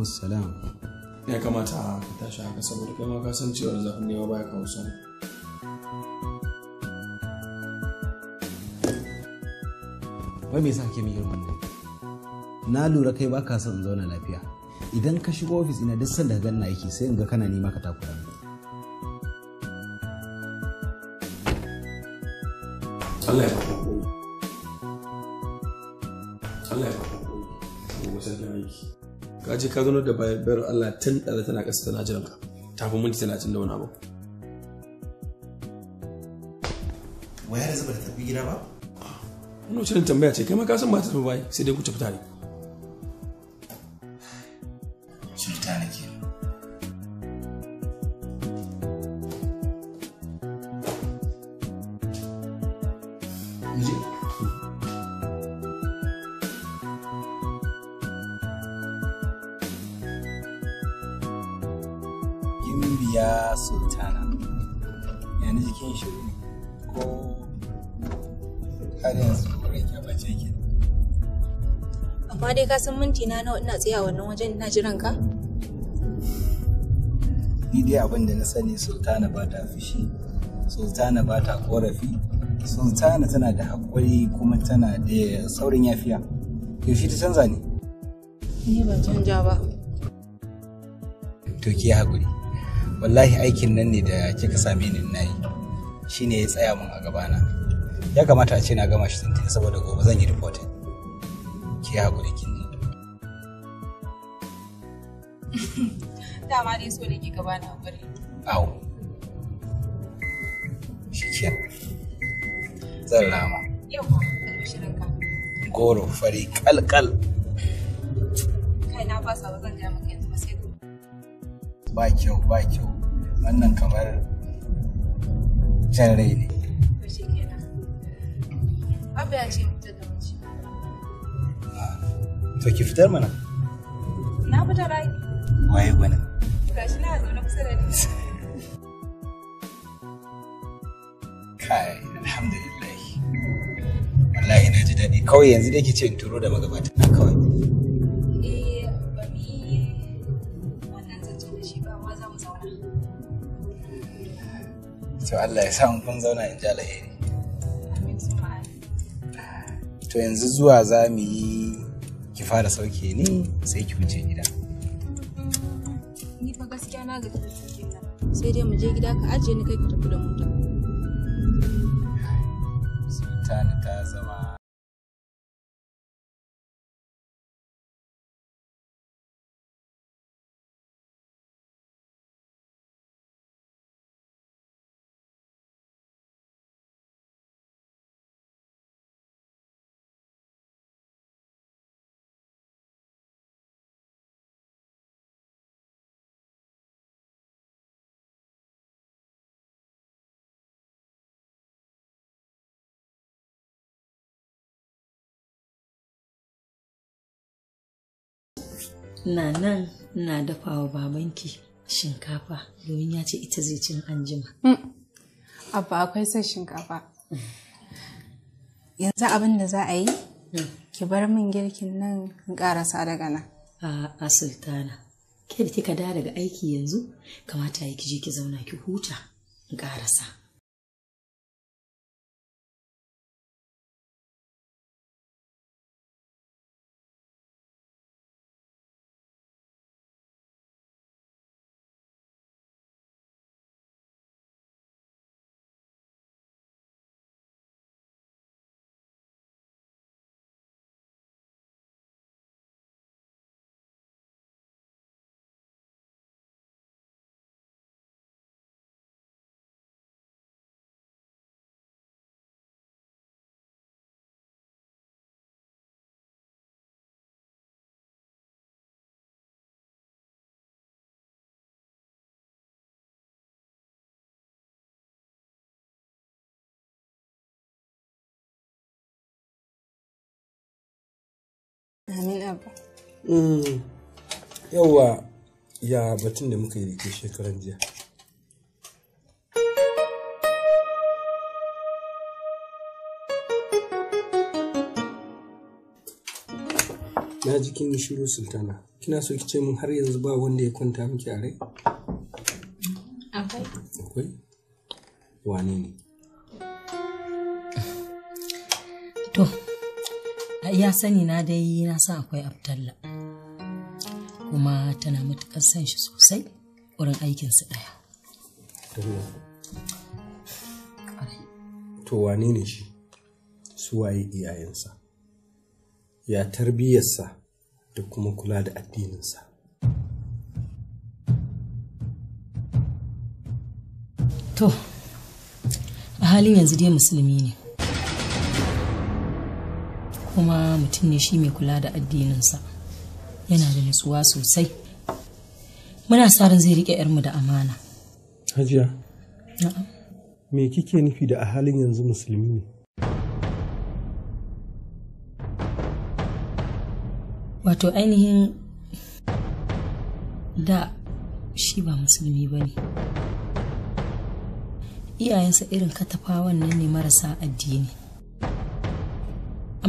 alaikum salam ya kamata ka tashi haka saboda kai ma ka san cewar zafin nema baya kawo son. wai me yasa kake min irin wannan na lura kai baka son in zauna lafiya idan ka shigo ofis ina duk sanda ka na aiki sai in ga kana nema ka takura Allah ya je ka zo da bayar Allah tun ɗaza tana ƙasa tana jiran ka ta fi minti cin da wani abu. Waya da zuba da tafi gida ba? Wani wacce tambaya ce kai ma ka san ba ta tafi bai sai dai ku tafi tare. amma dai ka san minti na nawa ina tsaya wannan wajen ina jiran ka ni dai abin da na sani sultana ba ta fushi sultana ba ta korafi sultana tana da haƙuri kuma tana da saurin yafiya yaushe ta canza ne ni ba canja ba to ki haƙuri wallahi aikin nan ne da kika same ni na yi shine ya tsaya mun a gabana ya kamata a ce na gama shi tuntun saboda gobe zan yi reporting ki haƙuri kin ji. Dama dai so da ke gaba na haƙuri. Au. Shi ke. Zan rama. Goro fari kal-kal. Kai na fasa ba zan gaya maka yanzu ba sai gobe. Ba kyau, ba kyau. Wannan kamar jan rai ne. Ba shi kenan. Abu ya ce mu. To ki fitar mana. Na fita rai. Waye gwana? Gashi na zaune kusa da ni. Kai, alhamdulillah. Wallahi na ji daɗi. Kawai yanzu dai kice in turo da magabata na kawai. Eh, to Allah ya sa mun kun zauna in ji alheri. To yanzu zuwa za mu yi fara sauke ni sai ki wuce gida ni fa gaskiya na ga da na sai dai mu je gida ka ajiye ni kai ka tafi da mu na nan na dafa wa babanki shinkafa domin ya ce ita zai cin anjima. Mm. Abba akwai son shinkafa. Yanzu abin da za a yi, mm. ki bar min girkin nan in karasa daga nan. A sultana, ke da kika da daga aiki yanzu, kamata ya ki je ki zauna ki huta in karasa. Amin mm. ya batun da muka yi da shekaran jiya. Na ji kin shiru sultana. Kina so ki ce min har yanzu ba wanda ya kwanta miki a rai? Akwai. Akwai? Wane ne? ya sani na dai na san akwai abdalla kuma tana matuƙar san shi sosai wurin aikinsu ɗaya to wane ne shi suwaye iyayensa ya tarbiyyarsa da kuma kula da addininsa to a halin yanzu dai musulmi ne kuma mutum ne shi mai kula da addininsa yana da nutsuwa sosai muna sa ran zai riƙe 'yarmu da amana hajiya me kike nufi da a halin yanzu musulmi ne wato ainihin da shi ba musulmi ba ne iyayensa irin katafawan nan ne marasa addini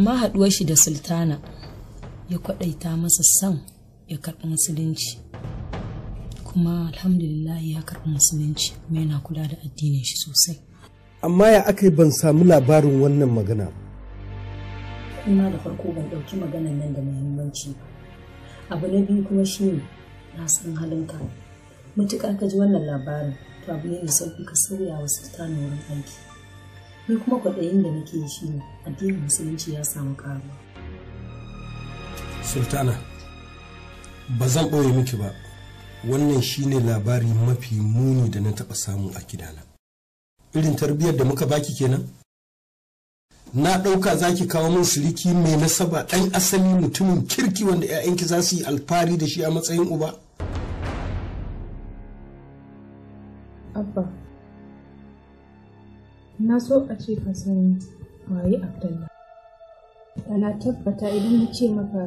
amma haɗuwar shi da sultana ya kwaɗaita masa son ya karɓi musulunci kuma alhamdulillah ya karɓi musulunci kuma yana kula da addinin shi sosai amma ya aka ban samu labarin wannan magana kuma da farko ban ɗauki maganan nan da muhimmanci abu na biyu kuma shine na san halinka matuƙa ka ji wannan labarin to abu ne mai sauƙi ka sauya wa sultana wurin aiki ni kuma kwaɗayin da nake shi ne addinin musulunci ya samu karuwa. sultana ba zan ɓoye miki ba wannan shine labari mafi muni da na taɓa samu a gidana irin tarbiyyar da muka baki kenan na ɗauka za ki kawo min siriki mai nasaba ɗan asali mutumin kirki wanda 'ya'yanki za su yi alfahari da shi a matsayin uba abba na so a ce ka san waye Abdullah. ana tabbata idan na ce maka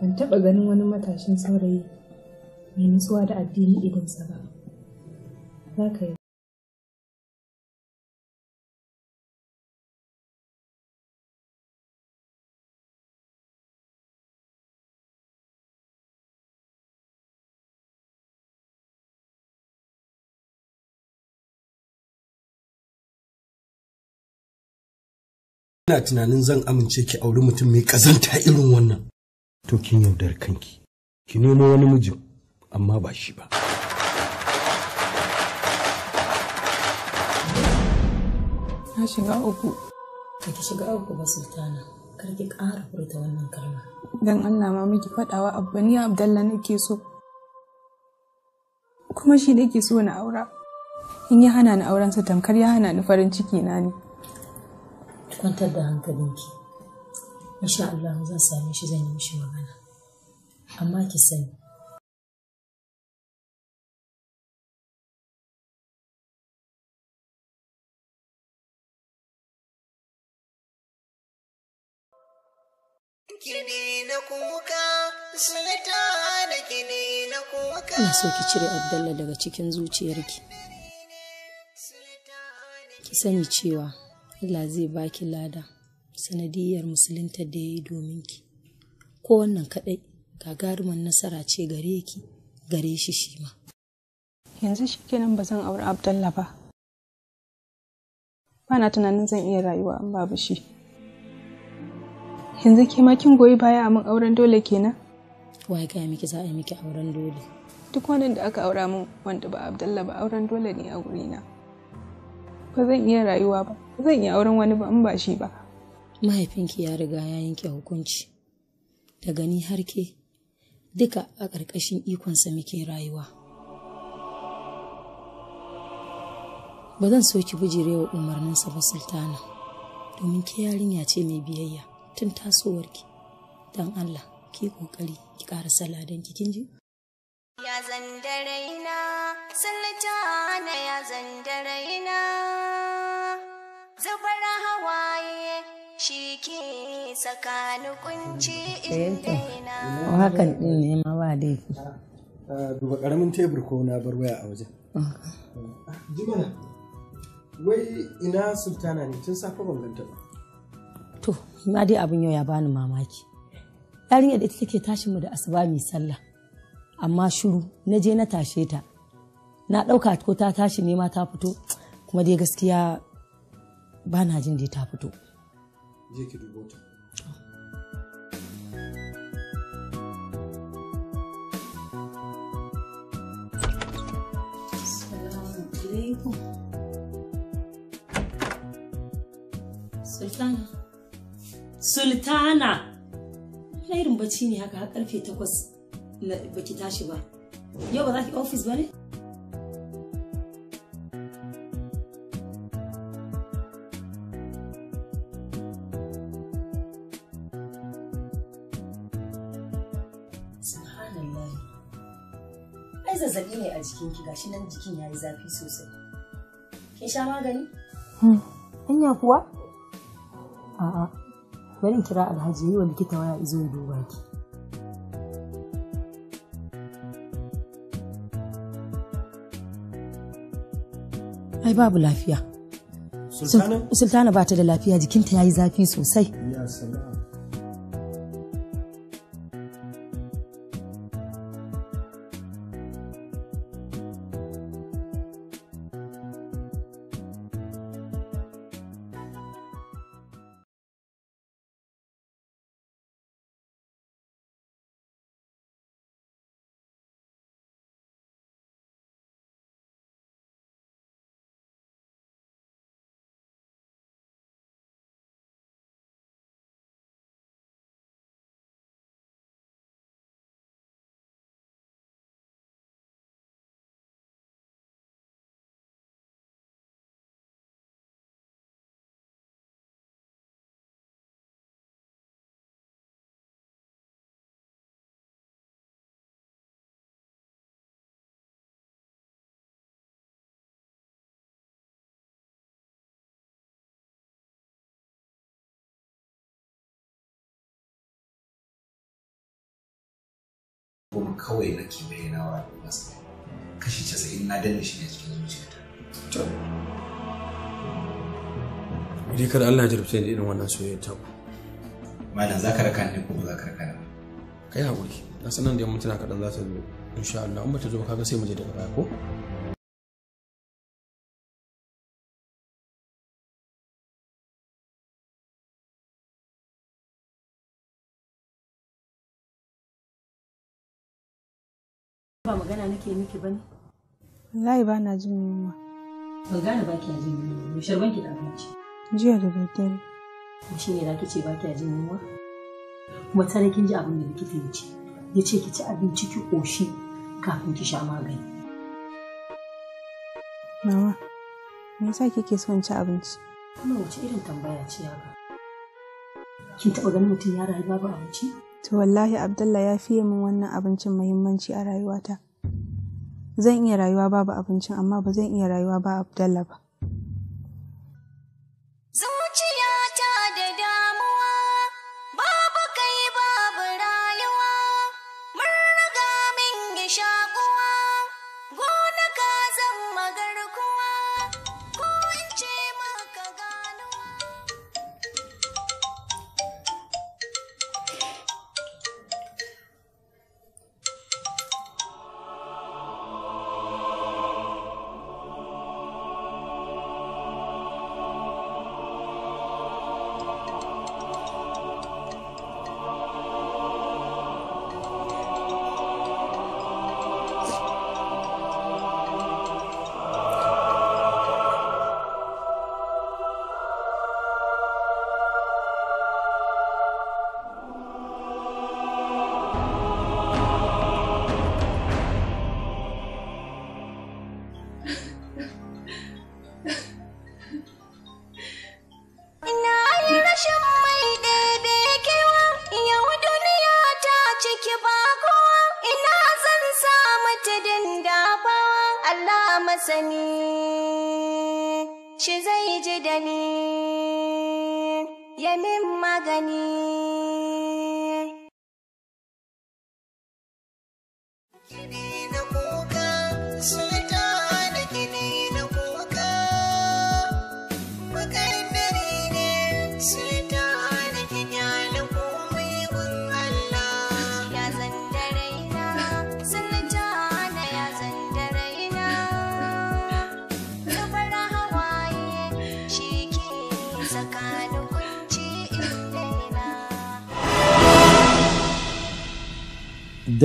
ban taɓa ganin wani matashin saurayi mai nutsuwa da addini idansa ba za ka yi ina tunanin zan amince ki auri mutum mai kazanta irin wannan to kin yaudar kanki ki nemo wani mijin amma ba shi ba na shiga uku Ka ki shiga uku ba sultana kar ki ƙara furta wannan kalma dan Allah ma miki faɗawa abba ni Abdalla nake so kuma shi nake so na aura in ya hana ni auren sa tamkar ya hana ni farin ciki na ne kwantar da hankalinki insha Allah zan same shi zan yi mishi magana amma ki sani Ina so ki cire Abdallah daga cikin zuciyarki. Ki sani cewa Allah zai baki lada sanadiyar musulunta da ya yi domin ki ko wannan kaɗai gagaruman nasara ce gare ki gare shi shi ma yanzu shi kenan ba zan aure Abdullahi ba Ba na tunanin zan iya rayuwa an babu shi yanzu ke kin goyi baya a min auren dole kenan wai ga miki za a yi miki auren dole duk wanda da aka aura min wanda ba Abdullahi ba auren dole ne a gurina ba zan iya rayuwa ba ba zan iya auren wani ba in ba shi ba mahaifinki ya riga ya yanke hukunci da gani har ke duka a ƙarƙashin ikonsa muke rayuwa ba zan so ki bijirewa umarninsa ba sultana domin ke yarinya ce mai biyayya tun tasowarki don allah ki ƙoƙari ki ƙara saladanki kin ji ya zandaraina sallata ya zandaraina zubar hawaye shi ke tsakanin kunci yana. Eh hakan din ne ma ba laifi duba karamin tebur ko na bar waya a wajen ah. jimana wai ina sultana ne tun safe ban ganta ba to na dai abin yau ya bani mamaki yarinya da ita take tashin mu da asuba mai sallah amma shiru na je na tashe ta na ɗauka ko ta tashi ne ma ta fito kuma dai gaskiya ba na jin dai ta fito Sultana. Sultana! Lairin bacci ne haka har karfe takwas ba ki tashi ba yau ba za ki ofis ba ne ai zazzabi ne a jikinki gashi nan jikin ya yi zafi sosai kin sha magani hmm. kuwa a'a bari kira alhaji yi wa likita waya izo ya duba ki ai babu lafiya sultana ba ta da lafiya jikinta ya yi zafi sosai kawai nake bayyanawa al'umma masu kashi casa'in na danne shi ne cikin zuciyata. Idan kada Allah ya jarabce ni irin wannan soyayya ta ku. Malam za ka raka ni ko ba za ka raka ni. Kai haƙuri, na sanar da yan mutuna kaɗan za ta zo. Insha Allah, in ba ta zo kaga sai mu je daga baya ko? ke miki bane wallahi ba na jin yunwa ba gane ba kiya jin yunwa mu sharban ki da abinci jiya da daddare shi ne zaki ce ba kiya jin yunwa kuma tare kin ji abin da likita ya ce ya ce ki ci abinci ki koshi kafin ki sha magani mama me yasa kike son ci abinci kuma wace irin tambaya ce ba. kin taɓa ganin mutum ya rayu babu abinci to wallahi Abdullahi ya fiye min wannan abincin muhimmanci a rayuwata Zan iya rayuwa babu abincin amma ba zan iya rayuwa ba Abdallah ba.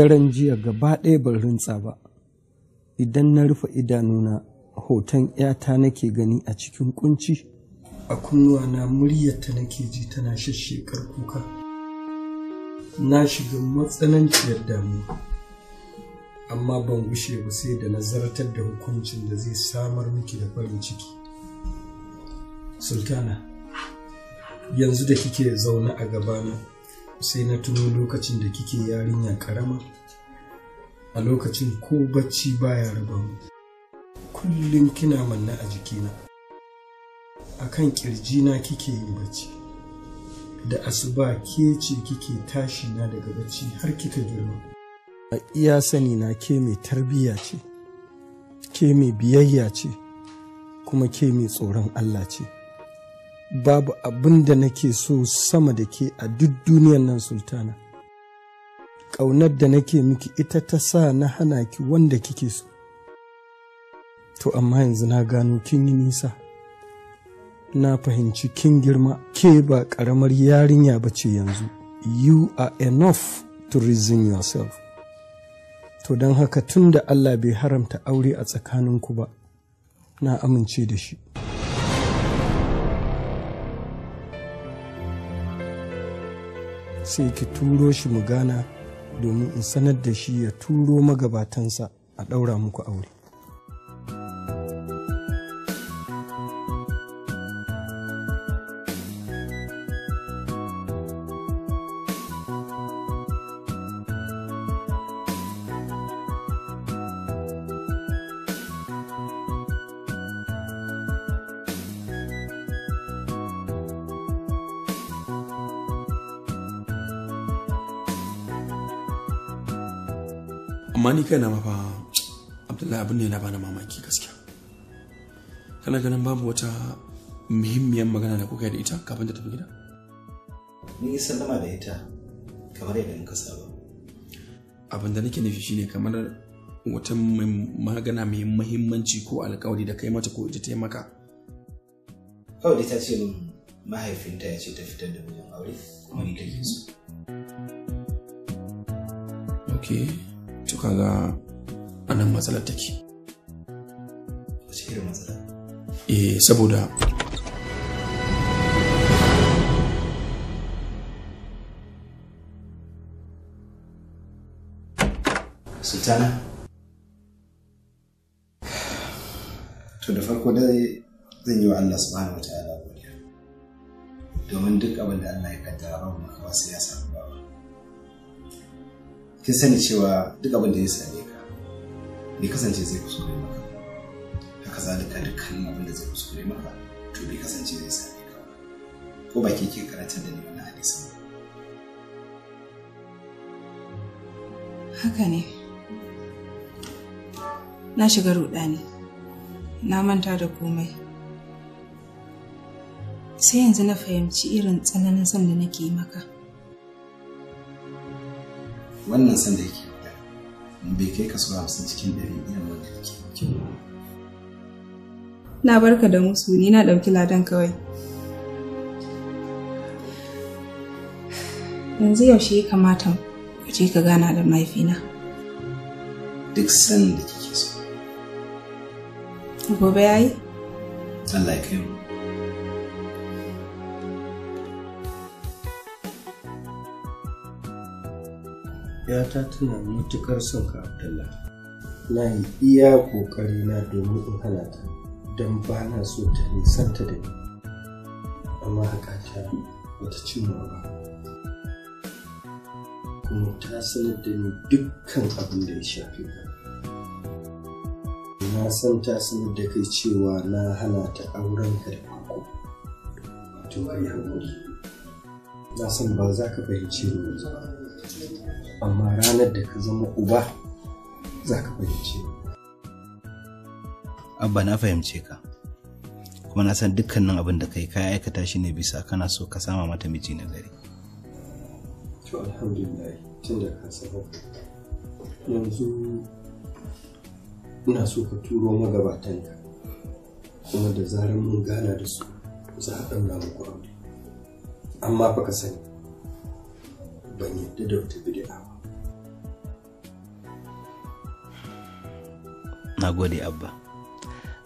daren jiya gaba ɗaya ban rintsa ba idan na rufe idanuna hoton 'yata nake gani a cikin kunci a kunnuwa kunnuwana muryarta nake ji tana shashshekar kuka na shiga matsananciyar damuwa amma ban gushe ba sai da nazartar da hukuncin da zai samar miki da farin ciki sultana yanzu da kike zaune a gabana sai na tuno lokacin da kike yarinya karama a lokacin ko bacci baya raba mu kullum kina manna a jikina a kan na kike yin bacci da asuba ke ce kike tashi na daga bacci har kika girma a iya sani na ke mai tarbiyya ce ke mai biyayya ce kuma ke mai tsoron Allah ce babu abin da nake so sama da ke a duk duniyar nan sultana ƙaunar da nake miki ita ta sa na hana ki wanda kike so to amma yanzu na gano kin yi nisa na fahimci kin girma ke ba ƙaramar yarinya ba ce yanzu you are enough to reason yourself to don haka tun da allah bai haramta aure a tsakaninku ba na amince da shi sai ki turo shi mu gana domin in sanar da shi ya turo magabatansa a ɗaura muku aure kaina mafa abdullahi abin ne na bani mamaki gaskiya kana ganin babu wata muhimmiyar magana da kuka yi da ita kafin ta tafi gida ni sallama da ita kamar yadda muka saba abin da nake nufi shine kamar wata magana mai muhimmanci ko alkawari da kai mata ko ita ta yi maka kawai ta ce mahaifinta ya ce ta fitar da miliyan aure kuma ni yi su okay to kaga anan matsalar take matsala eh saboda sultana to da farko dai zan yi wa Allah subhanahu wa ta'ala godiya domin duk abin da Allah ya kaddara ba mu kawai sai ya samu kin sani cewa duk abin da ya same ka bai kasance zai kuskure maka haka zalika dukkan abin da zai kuskure maka to bai kasance zai same ka ko ba ke ke karantar da ni wannan hadisi haka ne na shiga rudani na manta da komai sai yanzu na fahimci irin tsananin son da nake maka wannan san da yake magana bai kai kaso hamsin cikin ɗari irin wanda yake kyau na barka da musu ni na ɗauki ladan kawai yanzu yaushe ya kamata ka je ka gana da mahaifina duk san da kike so gobe yayi Allah ya kai mu yata tana matukar son ka abdallah na yi iya kokari na domin in hana ta don ba na so ta nisanta da ni amma haka ta wata cimma ba kuma ta sanar da ni dukkan abin da ya shafi ba na san ta sanar da kai cewa na hana ta auren ka da farko To kai haƙuri na san ba za ka fahimci ni yanzu ba amma ranar da ka zama uba za ka fahimce ba. abba na fahimce ka kuma na san dukkanin abin da kai kaya aikata shi ne bisa kana so ka sama mata miji na gari to alhamdulillah tun da ka saba yanzu ina so ka turo ka kuma da zarar mun gana da su za a ɗaura muku aure amma fa ka sani ban yadda da wata bid'a ba na gode abba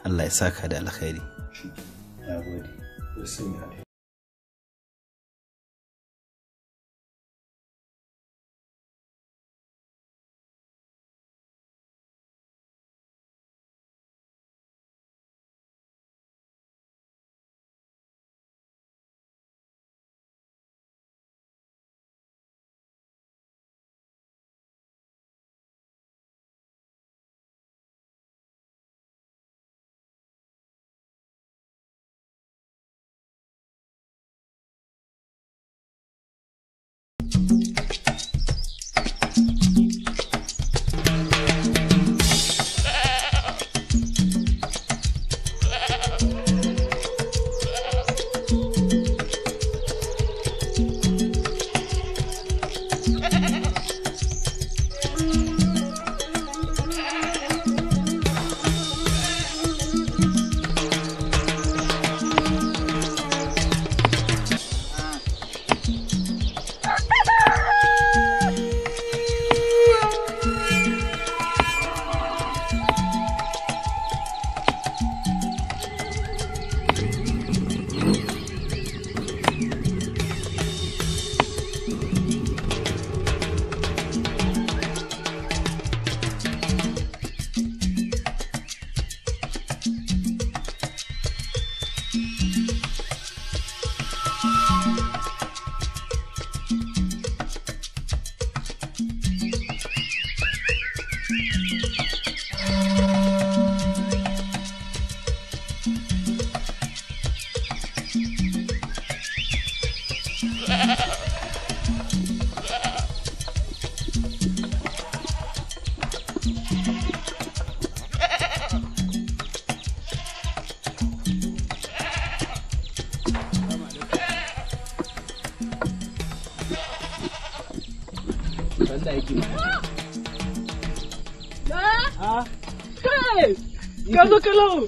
allah ya saka da alkhairi na gode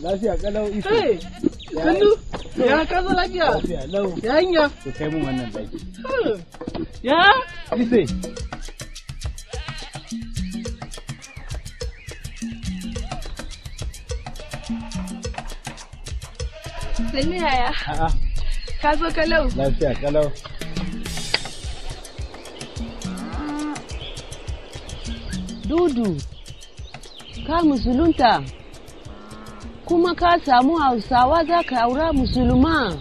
Lafiya kalau isu Kai. kandu Ya kazo lafiya. Lafiya lau. Ya hanya. Ku kai mun wannan baki. Ya. Ise. Sannu yaya. A'a. Ka zo kalau. Lafiya kalau. Dudu, ka musulunta. kuma ka samu hausawa za ka aura musulma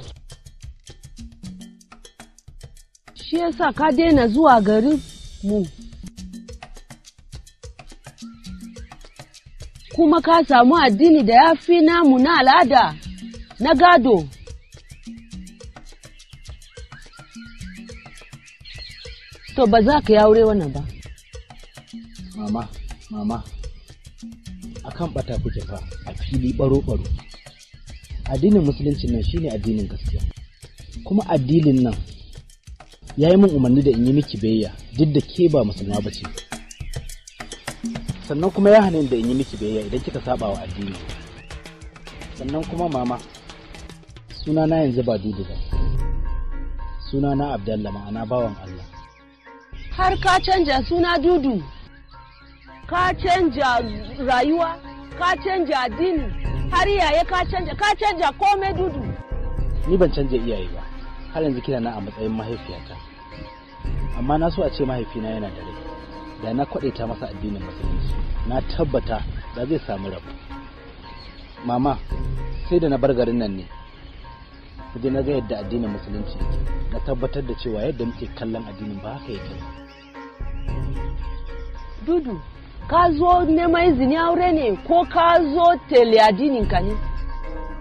shi yasa ka daina zuwa garin mu kuma ka samu addini da ya fi namu na al'ada na gado to ba za ka yi aure wannan ba mama mama Kan bata kuke fa a fili baro baro addinin musulunci nan shine addinin gaskiya kuma addinin nan ya yi min umarni da in yi miki biyayya duk da ke ba musulma ba ce sannan kuma ya hanin da in yi miki biyayya idan kika saba wa addini sannan kuma mama suna na yanzu ba dudu ba suna na abdallah ma'ana bawan allah har ka canja suna dudu ka canja rayuwa ka canja dini har yaya ka canja ka canja komai dudu ni ban canja iyaye ba har yanzu kina na a matsayin mahaifiyata amma na so a ce mahaifina yana da rai da na kwadaita masa addinin musulunci na tabbata da zai samu rabu mama sai da na bar garin nan ne je na ga yadda addinin musulunci na tabbatar da cewa yadda muke kallon addinin ba haka yake dudu ka zo neman izini aure ne ko ka zo teliyadinin ka ne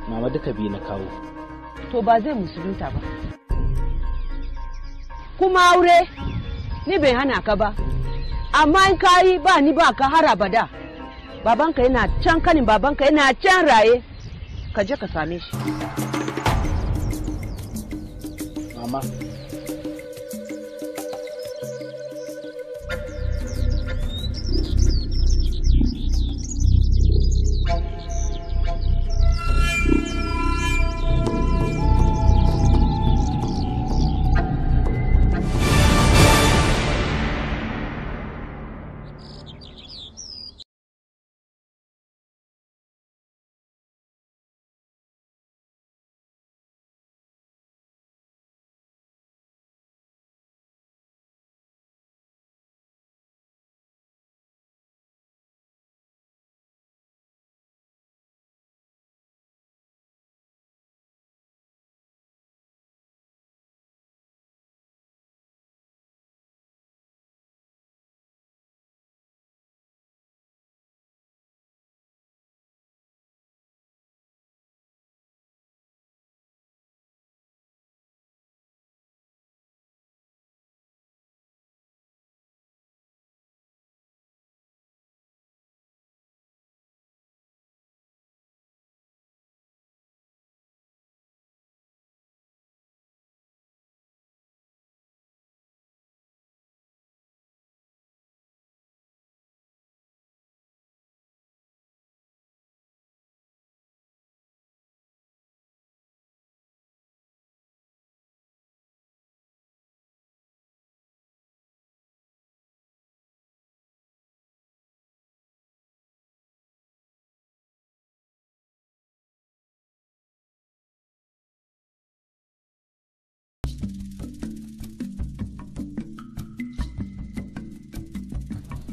mama duka biyu na kawo to ba zai musulunta ba kuma aure ni bai hana ka ba amma in ka yi ba ni ba ka har abada babanka yana can kanin babanka yana can raye ka je ka same shi mama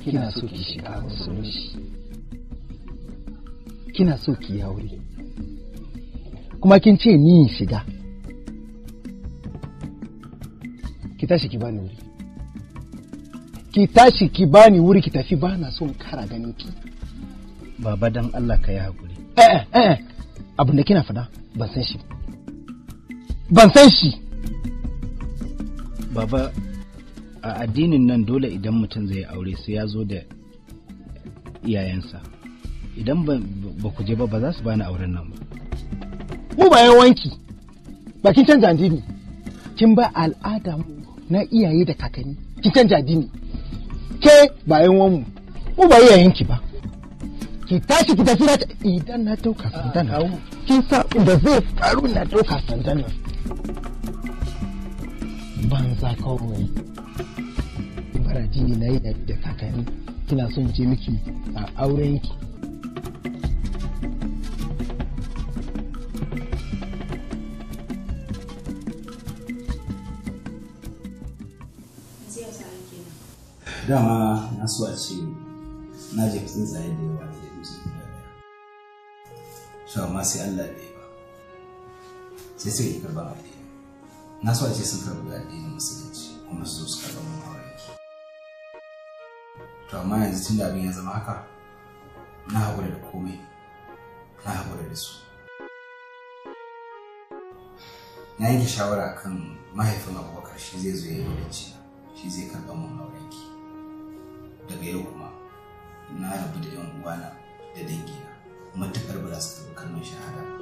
kina so ki shiga musulunci kina so ki yi kuma kin ce ni shiga ki tashi ki bani wuri ki tashi ki bani wuri ki tafi ba na so kara ganin ki baba dan Allah ka yi hakuri eh eh, eh. abin da kina fada ban san shi ban san shi baba a addinin nan dole idan mutum zai aure sai ya zo da iyayensa idan ba ku je ba ba za su bani auren nan ba mu ba wanki ba kin canja addini kin ba al'ada na iyaye da kakanni kin canja addini ke ba yan wanmu mu ba ki ba ki tashi ki tafi idan na dauka sandana kin sa da zai faru na dauka za ka ruwa. sha'awar ne na yi da kakanni kina son ce miki a auren ki dama na so a ce na je tsuntsaye da yawa da yanzu su amma sai Allah bai ba sai sai yi karɓar addini na so a ce sun karɓi addinin musulunci kuma su zo su karɓar to amma yanzu tun da abin ya zama haka na haƙura da komai na haƙura da su na yanke shawara kan mahaifin abubakar shi zai zo ya yi wadanci shi zai karɓa mun ki daga yau kuma na rabu da yan uwana da dangina matuƙar ba za su karɓi kalmar shahada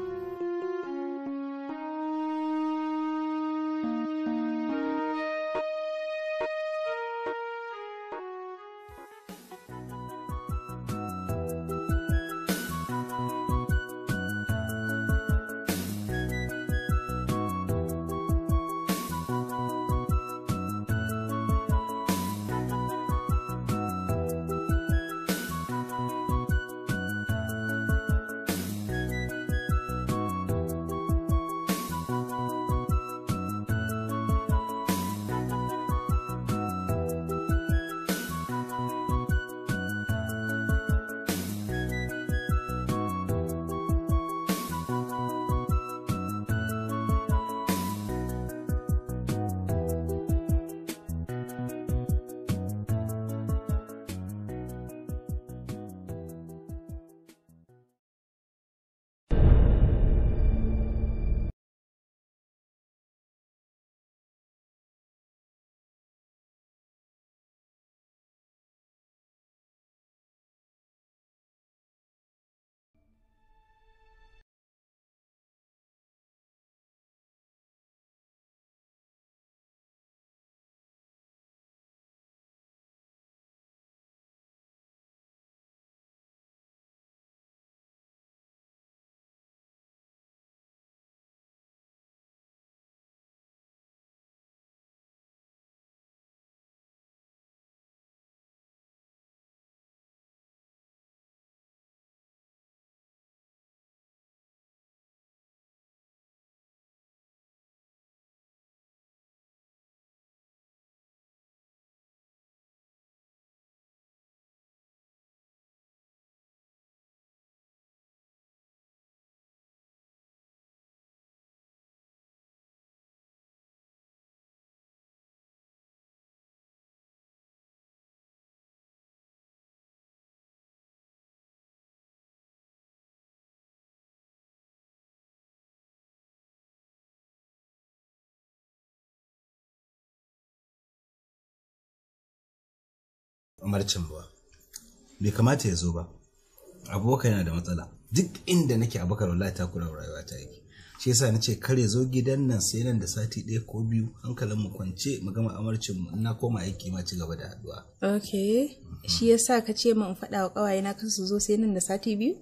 marcin ba bai kamata ya zo ba abubakar yana da matsala duk inda nake abubakar wallahi ta kula rayuwa ta yake shi yasa na ce ya zo gidan nan sai nan da sati ɗaya ko biyu hankalin mu kwance mu gama amarcin mu na koma aiki ma ci gaba da haduwa okay shi yasa ka ce min faɗa wa kawaye na su zo sai nan da sati biyu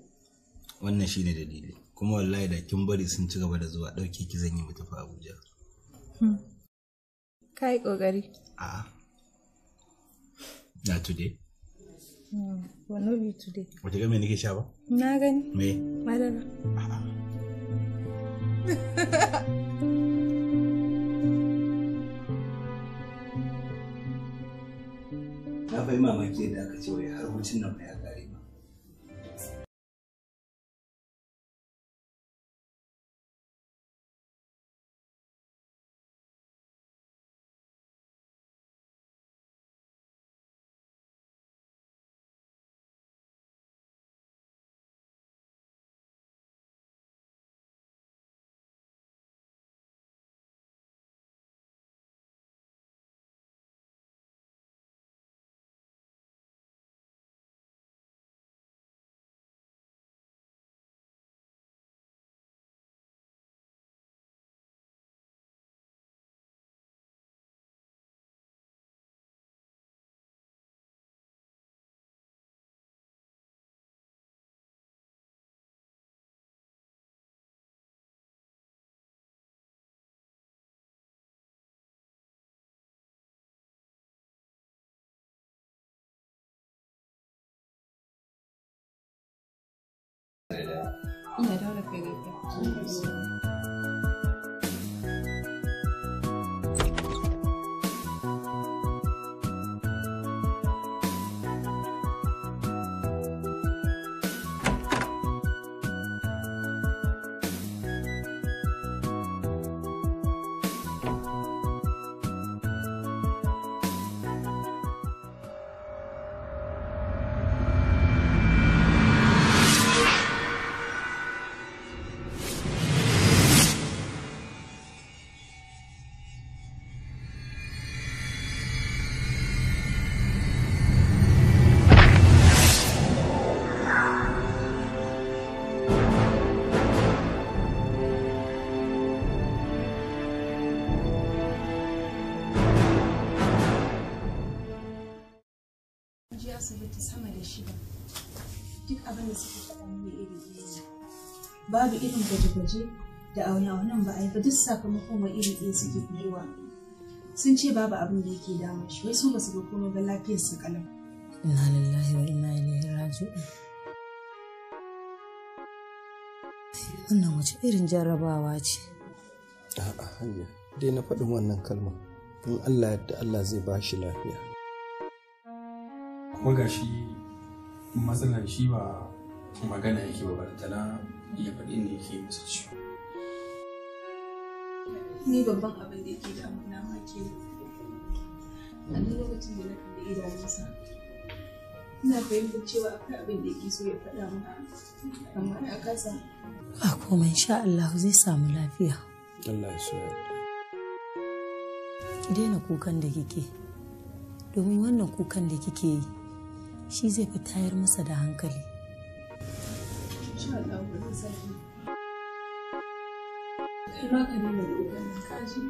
wannan shine dalili kuma wallahi da kin bari sun ci gaba da zuwa ɗauke ki zan yi mu tafi Abuja hmm. kai kokari a'a na today hmm, wani bi today wata ne nake sha ba na gani me madara ta bai mamaki da aka ce wai har wucin nan ya Yeah, I don't know if it is. asibiti sama da shida duk abin da suke faɗa mini iri ɗaya babu irin gwaje-gwaje da aune-aunen ba a yi ba duk sakamakon wa iri ɗaya suke fitowa sun ce babu abin da yake damun shi wai su ba su ga komai ba lafiyar su kalam inna lillahi wa inna ilaihi raji'un wannan wace irin jarrabawa ce a'a hanya dai na faɗin wannan kalma in Allah yadda Allah zai ba shi lafiya kuma ga shi matsalar shi ba magana yake ba barantana ya faɗi ne yake masa ciwo ni babban abin da yake damuna ma ke a duk lokacin da na kalli idanunsa ina fahimtar cewa akwai abin da yake so ya faɗa mana amma na kasa A komai insha Allah zai samu lafiya Allah ya so daina kukan da kike domin wannan kukan da kike yi shi zai fi tayar masa da hankali kai ma ka nuna dogon ji?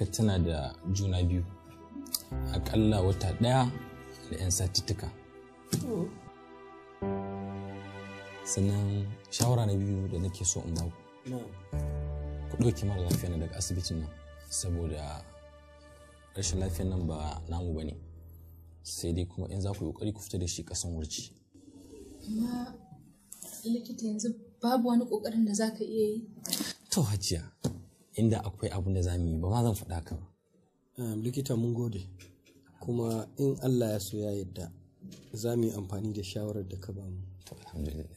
ka tana da juna biyu aƙalla wata ɗaya da 'yan satittuka sannan shawara na biyu da nake so in baku ku ɗauki mara lafiya na daga asibitin nan saboda rashin lafiyan nan ba namu ba ne sai dai kuma in za ku yi ku fita da shi ƙasan wurci likita yanzu babu wani ƙoƙarin da za ka iya yi to hajiya inda akwai abin da za mu yi ba ma zan faɗa ba. likita mun gode kuma in allah ya so ya yadda za mu yi amfani da shawarar da ka bamu to alhamdulillah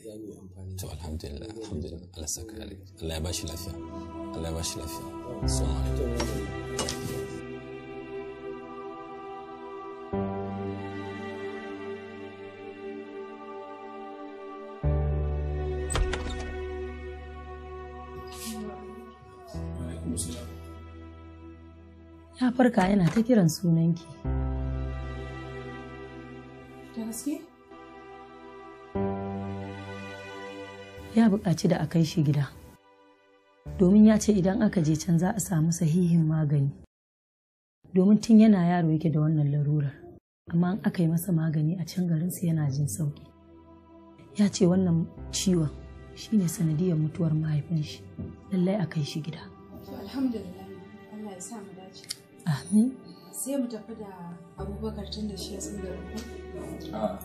to alhamdulillah alhamdulillah allah ya ba shi lafiya allah ya ba shi lafiya farka yana ta kiran sunanki. Ya buƙaci da a kai shi gida. Domin ya ce idan aka je can za a samu sahihin magani. Domin tun yana yaro yake da wannan larurar. Amma an aka yi masa magani a can garinsu yana jin sauƙi. Ya ce wannan ciwon shi ne sanadiyar mutuwar mahaifin shi. Lallai a kai shi gida. Alhamdulillah. Allah ya sa mu dace. Amin. Sai mu tafi da abubakar tun da shi ya san da rubu. A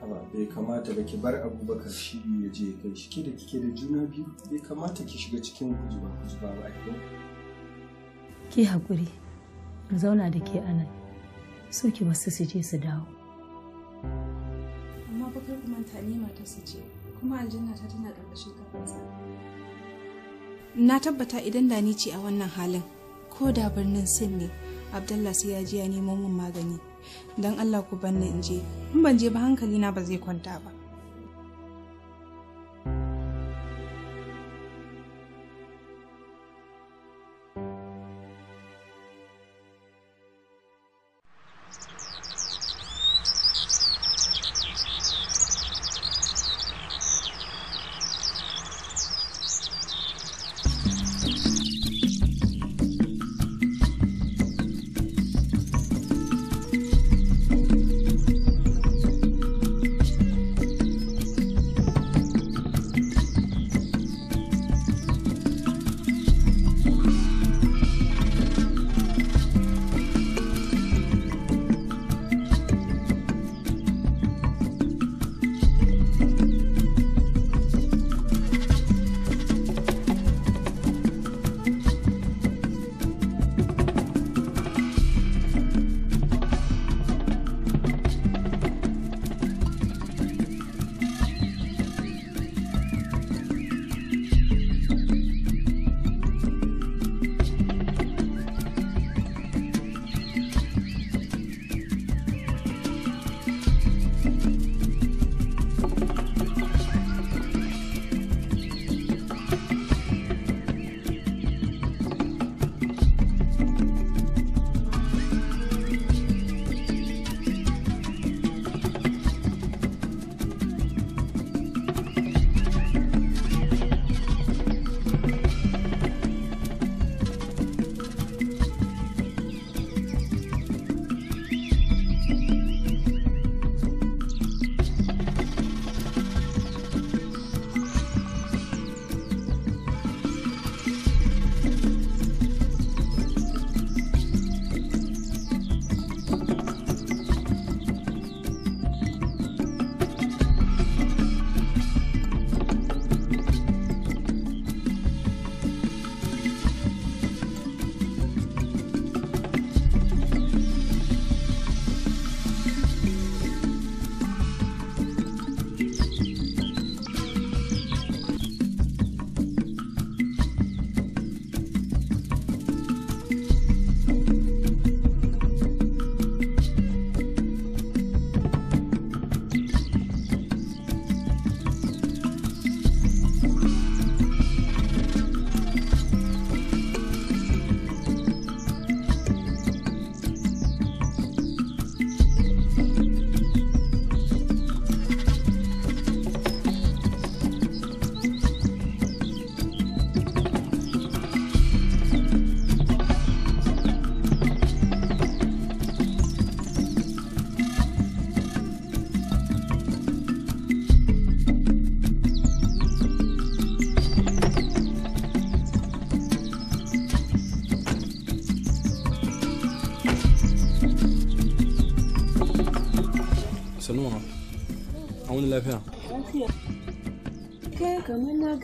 haba bai kamata ba ki bar abubakar shi ya je kai shi da kike da juna biyu bai kamata ki shiga cikin kujuba kujuba ba ko. Ki haƙuri, in zauna da ke anan, so ki wasu su je su dawo. Amma bakar kuma ta nema ta su ce, kuma aljanna ta tana ƙarƙashin kafansa. Na tabbata idan da ni ce a wannan halin, ko da birnin sin ne abdallah sai ya je ya nemo min magani don allah ku banni in je in ban je ba hankali na ba zai kwanta ba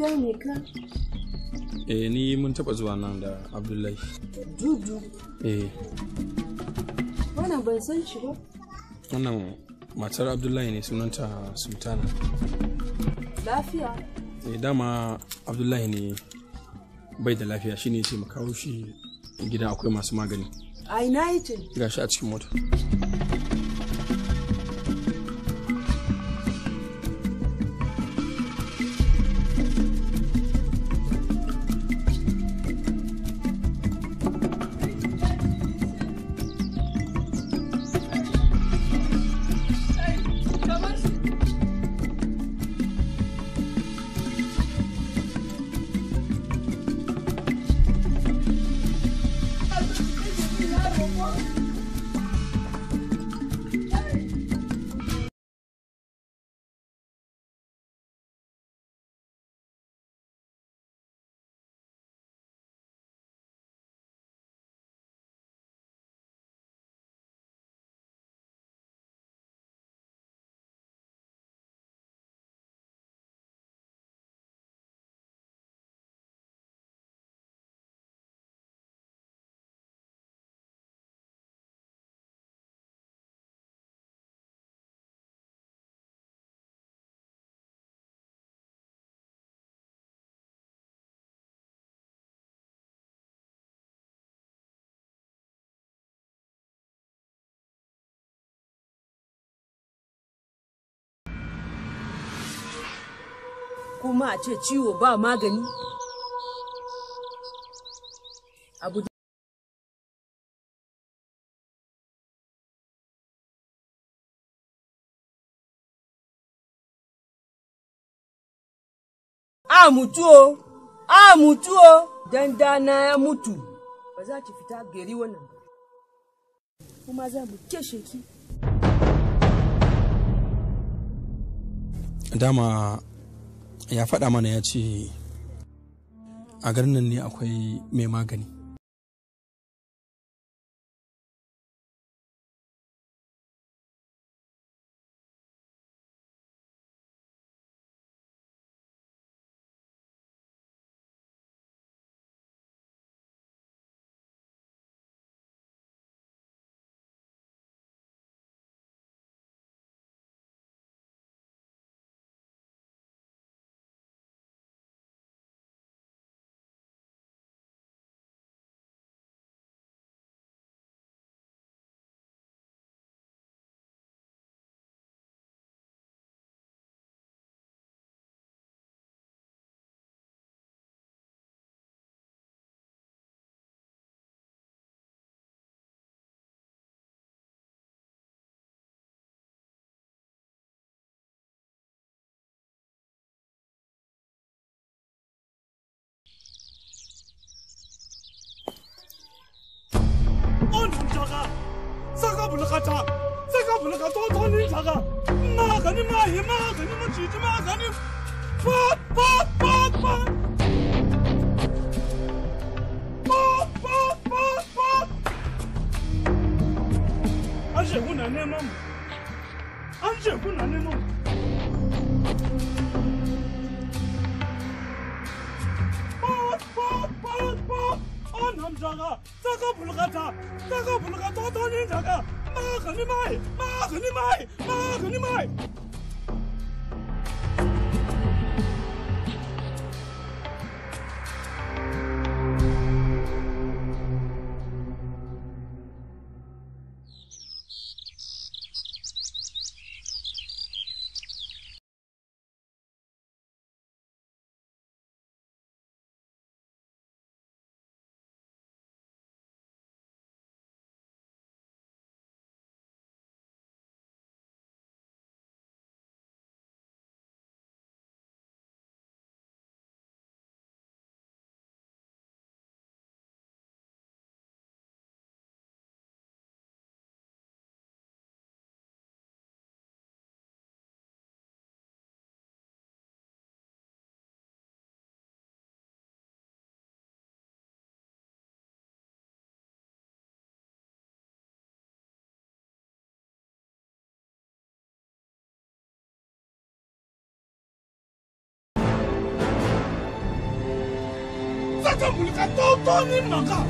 gane ka eh ni mun taba zuwa nan da abdullahi dudu eh wannan ban san shi ba wannan matar abdullahi ne sunanta sultana lafiya eh dama abdullahi ne bai da lafiya shine ce mu kawo shi gidan akwai masu magani ai na yi ce gashi a cikin mota kuma a ce ciwo ba magani a mutu o a mutu o dan dana ya mutu ba za ki fita gari wannan ba kuma za mu keshe ki dama ya faɗa mana ya ce a garin nan ne akwai mai magani kata se ka bula ka tɔ tɔ ni jaga magani mahi magani majiji magani fa fa fa fa. Anjekunanemam Anjekunanemam Pa pa pa pa Anamjaga Takapulukata Takapulukata Tanyinjaga Anjekunanemam Machen wir mal! Machen wir mal! Machen wir mal! tobuluka totoni maka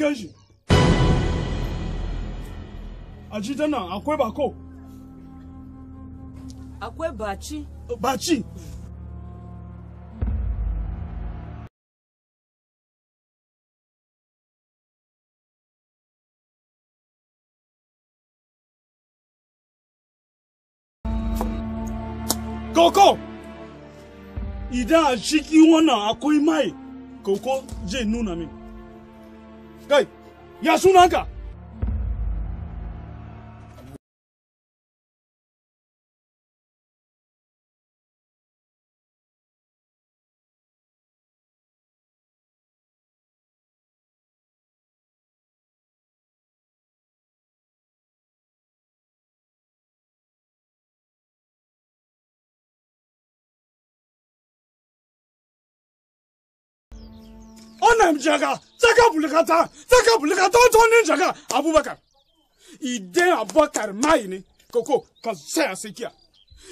gan shi a ji nan akwai bako akwai baci baci Koko! Idan a cikin wannan akwai mai, koko zai nuna min. kai ya sunanka ta onamjaka zakabulukata zakabulukata otoninjaka abubakar idan abubakar mai ne koko ka saya sikiya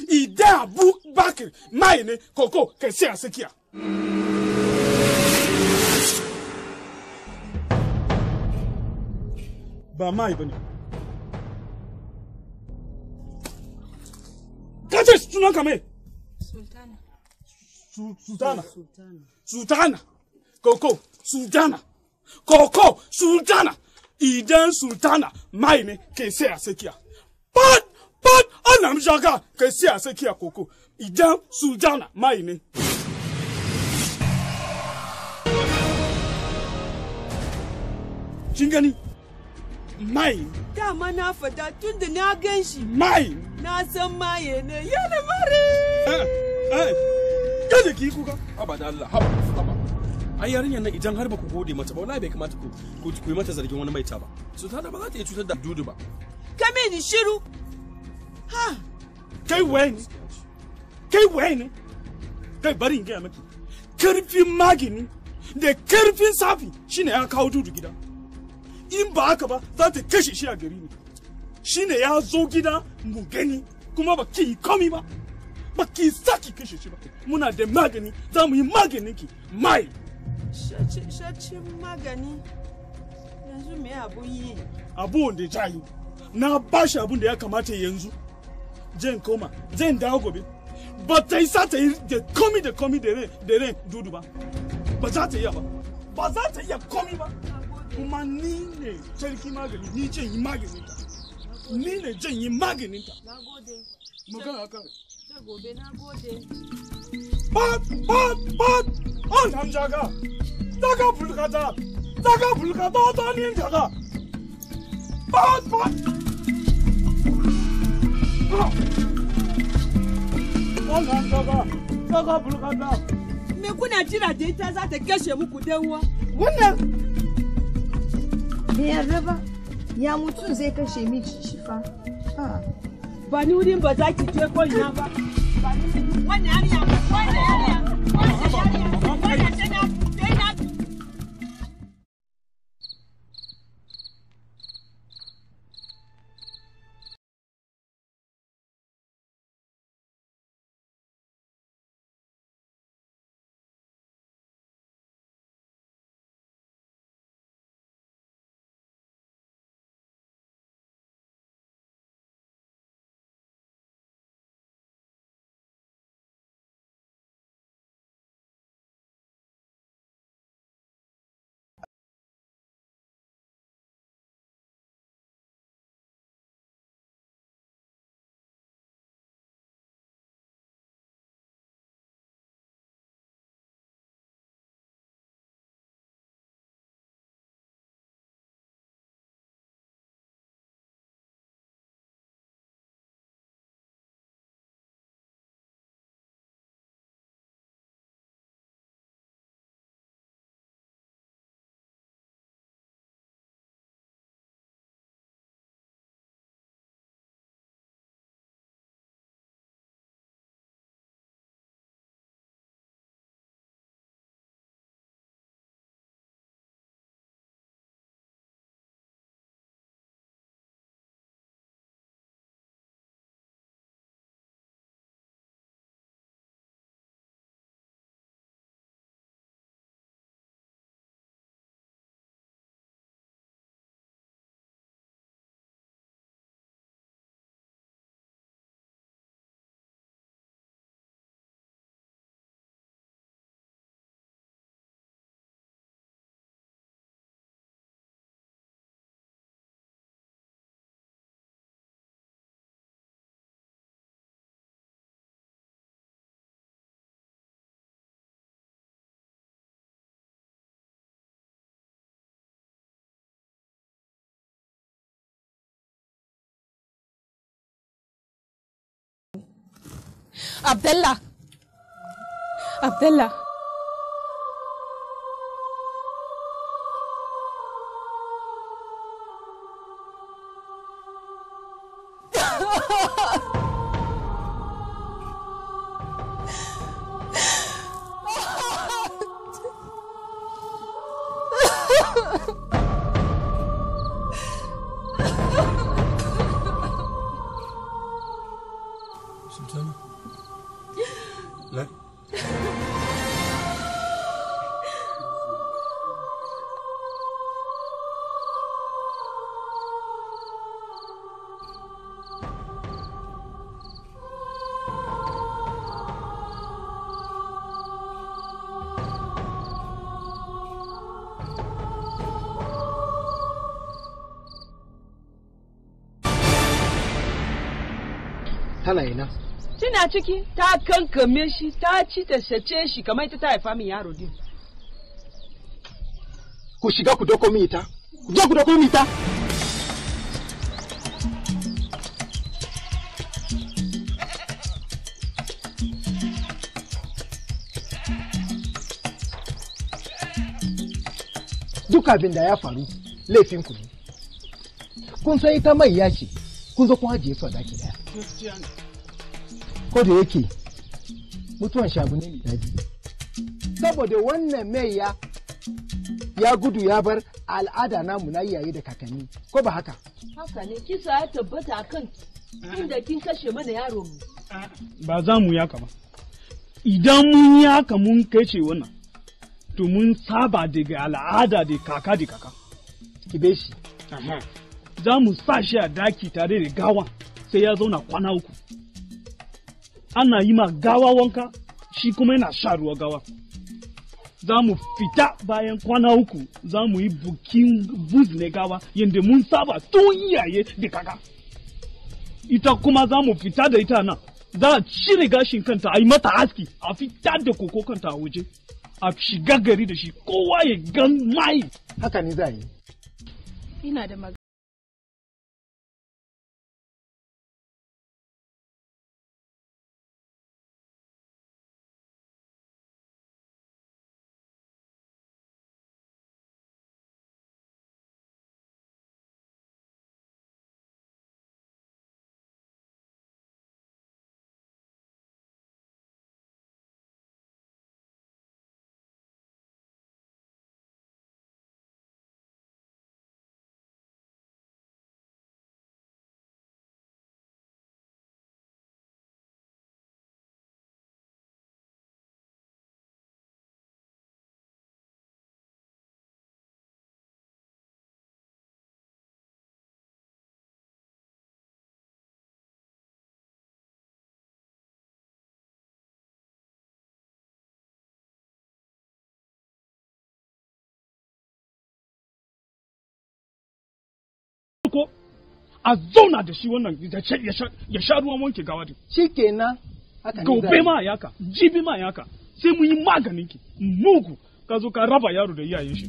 idan abubakar mai ne koko ka saya sikiya ba mai bane kace sunan ka mai sultana sultana sultana koko sultana koko sultana idan sultana mai ne ke se a sakiya pat pat anam shaka ke se a sakiya koko idan sultana mai ne kin gani mai dama na fada tun da na gan shi mai na san maye ne yana mare eh, eh. kada ki kuka abada Allah haba ai yarinyar nan idan har ba ku gode mata ba wallahi bai kamata ku ku yi mata zargin wani maita ba su ta da ba za ta iya cutar da dudu ba kame ni shiru ha kai ne kai ne kai bari in gaya maki karfin magini da karfin safi shine ya kawo dudu gida in ba haka ba za ta kashe shi a gari ne shine ya zo gida mu gani kuma ba ki komi ba ba ki saki kashe shi ba muna da magani za mu yi maganinki ki mai shacin magani yanzu me abu yi abu da ja yi na ba shi abun da ya kamata yanzu jen koma jen dawo gobe ba ta isa ta yi da komi da komi da ren dudu ba ba za ta yi ba ba za ta iya komi ba kuma ni ne sarki magani ni jen yi maganinta ni ne jen yi maganinta magana kare mana gobe na gode. Pat, pat, pat! An hamjaga! Daga bulkata! Daga bulkata ta nin jaga! Pat, pat! An ah! hamjaga! Daga bulkata! Me kuna jira da ita za ta kashe muku danwa? Wannan! Me yarda ba, ya mutum zai e kashe miji shi fa. Ah. ba ni wurin ba za ki je ko ina ba. Wannan yariya, wannan yariya, wannan yariya, wannan Abdallah Abdallah tana ciki ta kankame shi ta ci ta sace shi kamar ita ta haifa min yaro din ku shiga ku doko min ita ku je ku doko min ita Duka abin da ya faru laifin ku ne kun san ita mai ya ce kun zo kun hajiye su a daki daya ko da yake mutuwan shabu ne mai daji saboda wannan mai ya ya gudu ya bar al'ada namu na iyaye da kakanni ko ba haka haka ne kisa ya tabbata kan inda kin kashe mana yaro mu ba za mu yaka ba idan mun yaka mun kashe wannan to mun saba daga al'ada da kaka da kaka ki be shi za mu sa shi a daki tare da gawa sai ya zauna kwana uku ana yi ma gawa wanka shi kuma yana sha ruwa gawa za mu fita bayan kwana uku za mu yi bukin buz ne gawa yadda mun saba tun iyaye da kaka ita kuma za mu fita da ita nan za a cire gashin kanta a yi mata aski a fita da koko kanta a waje a shiga gari da shi kowa ya gan mai haka ne za yi ina da farko a zauna da shi wannan ya sha ruwan wanke gawa din shi kenan gobe ma yaka jibi ma yaka sai mun yi maganin ki mugu ka zo ka raba yaro da iyayen shi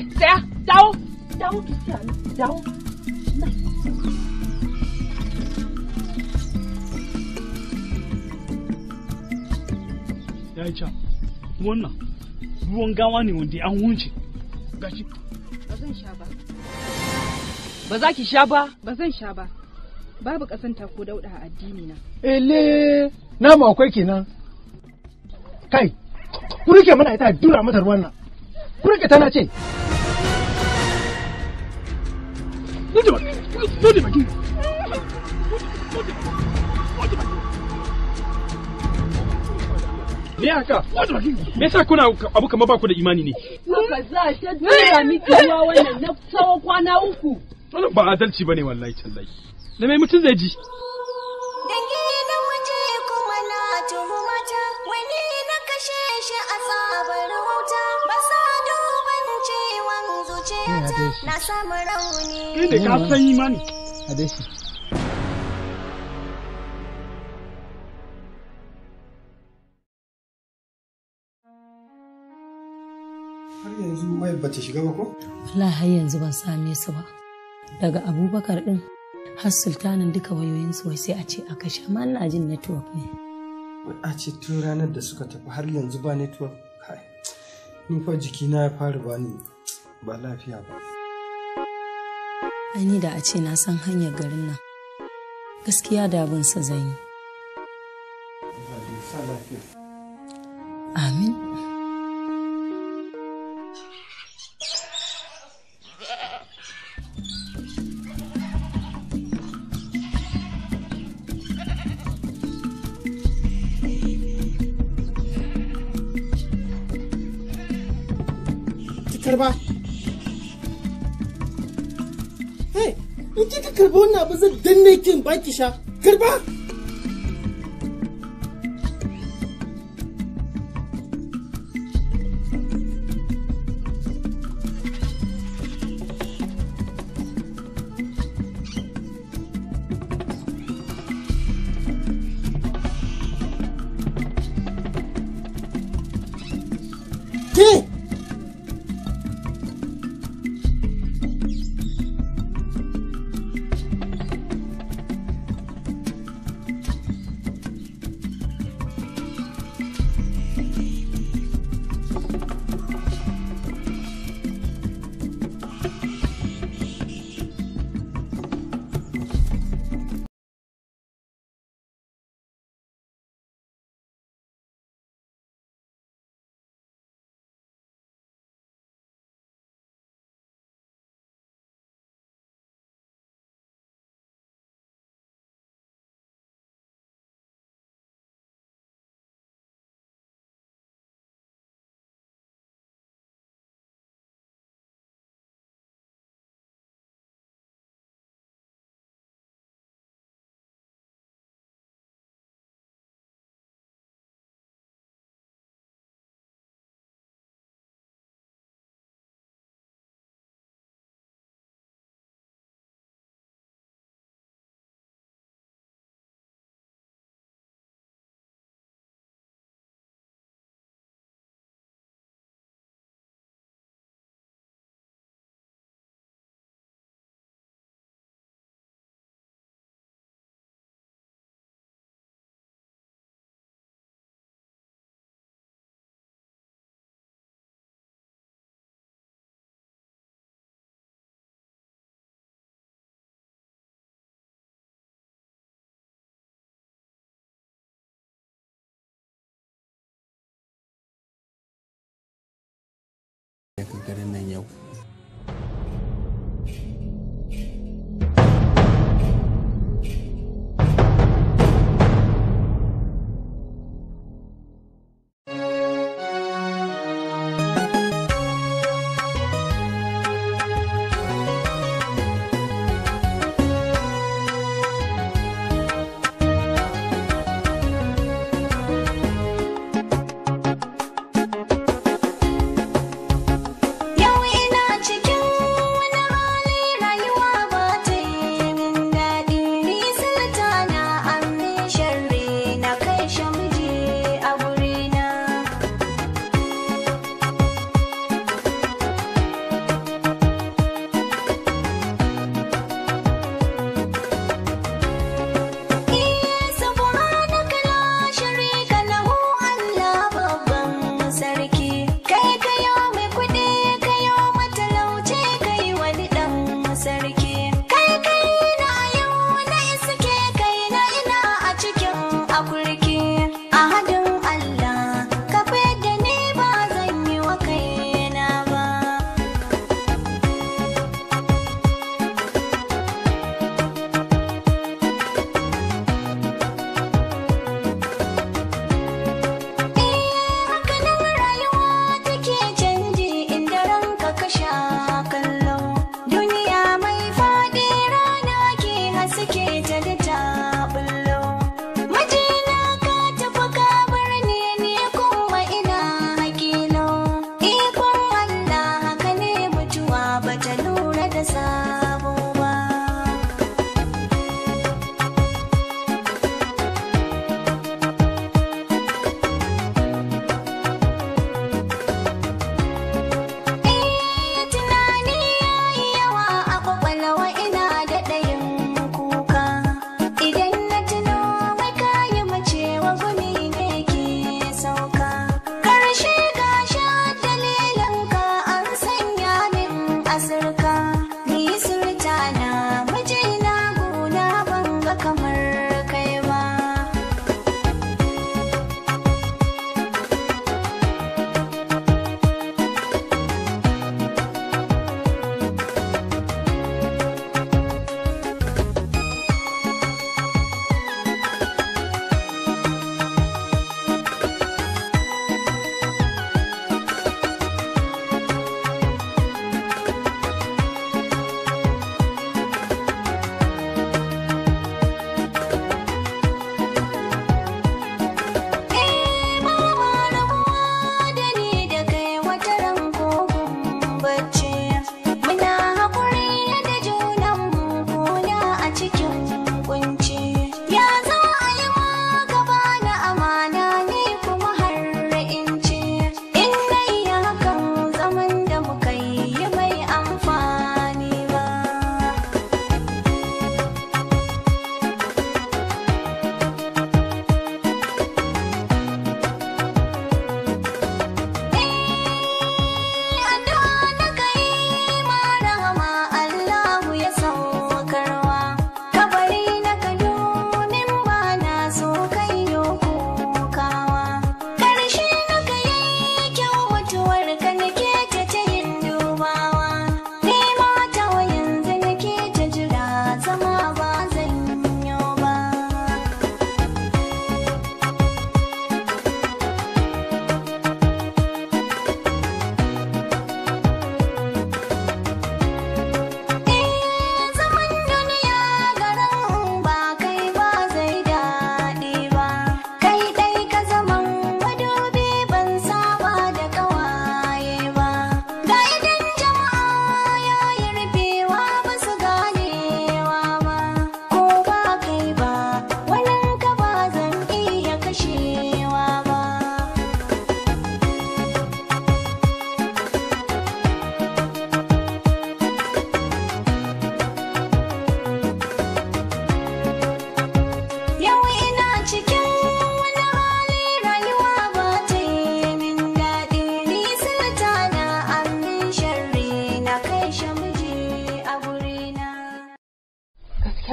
Tsaya, dawo, dawo ki dawo. ya yi can wannan ruwan gawa ne wanda an wunce gashi ba zan sha ba ba za ki sha ba ba zan sha ba babu kasanta ko dauda a addini na ele namu akwai kenan kai ku rike mana ita dura mata ruwan nan ku rike tana ce Dodi bakin, dodi bakin. me haka me sa kuna abu kamar ba ku da imani ne haka za ta dora miki ruwa wannan na tsawon kwana uku wannan ba adalci bane wallahi tallahi da mai mutum zai ji Na samu rauni. Kai da ka san imani. Adeshi. yanzu ba shiga ba ko? Wallahi har yanzu ban same su ba. Daga Abubakar din har sultanin duka wayoyin su sai a ce a kashe amma ina jin network ne. A ce tun ranar da suka tafi har yanzu ba network. Ni fa jikina ya fara ni ba lafiya ba. Ani da a ce na san hanyar garin nan. Gaskiya da bin sa zan yi. Allah ya sa lafiya. karba wannan abin zai danne kin baki sha karba I think that in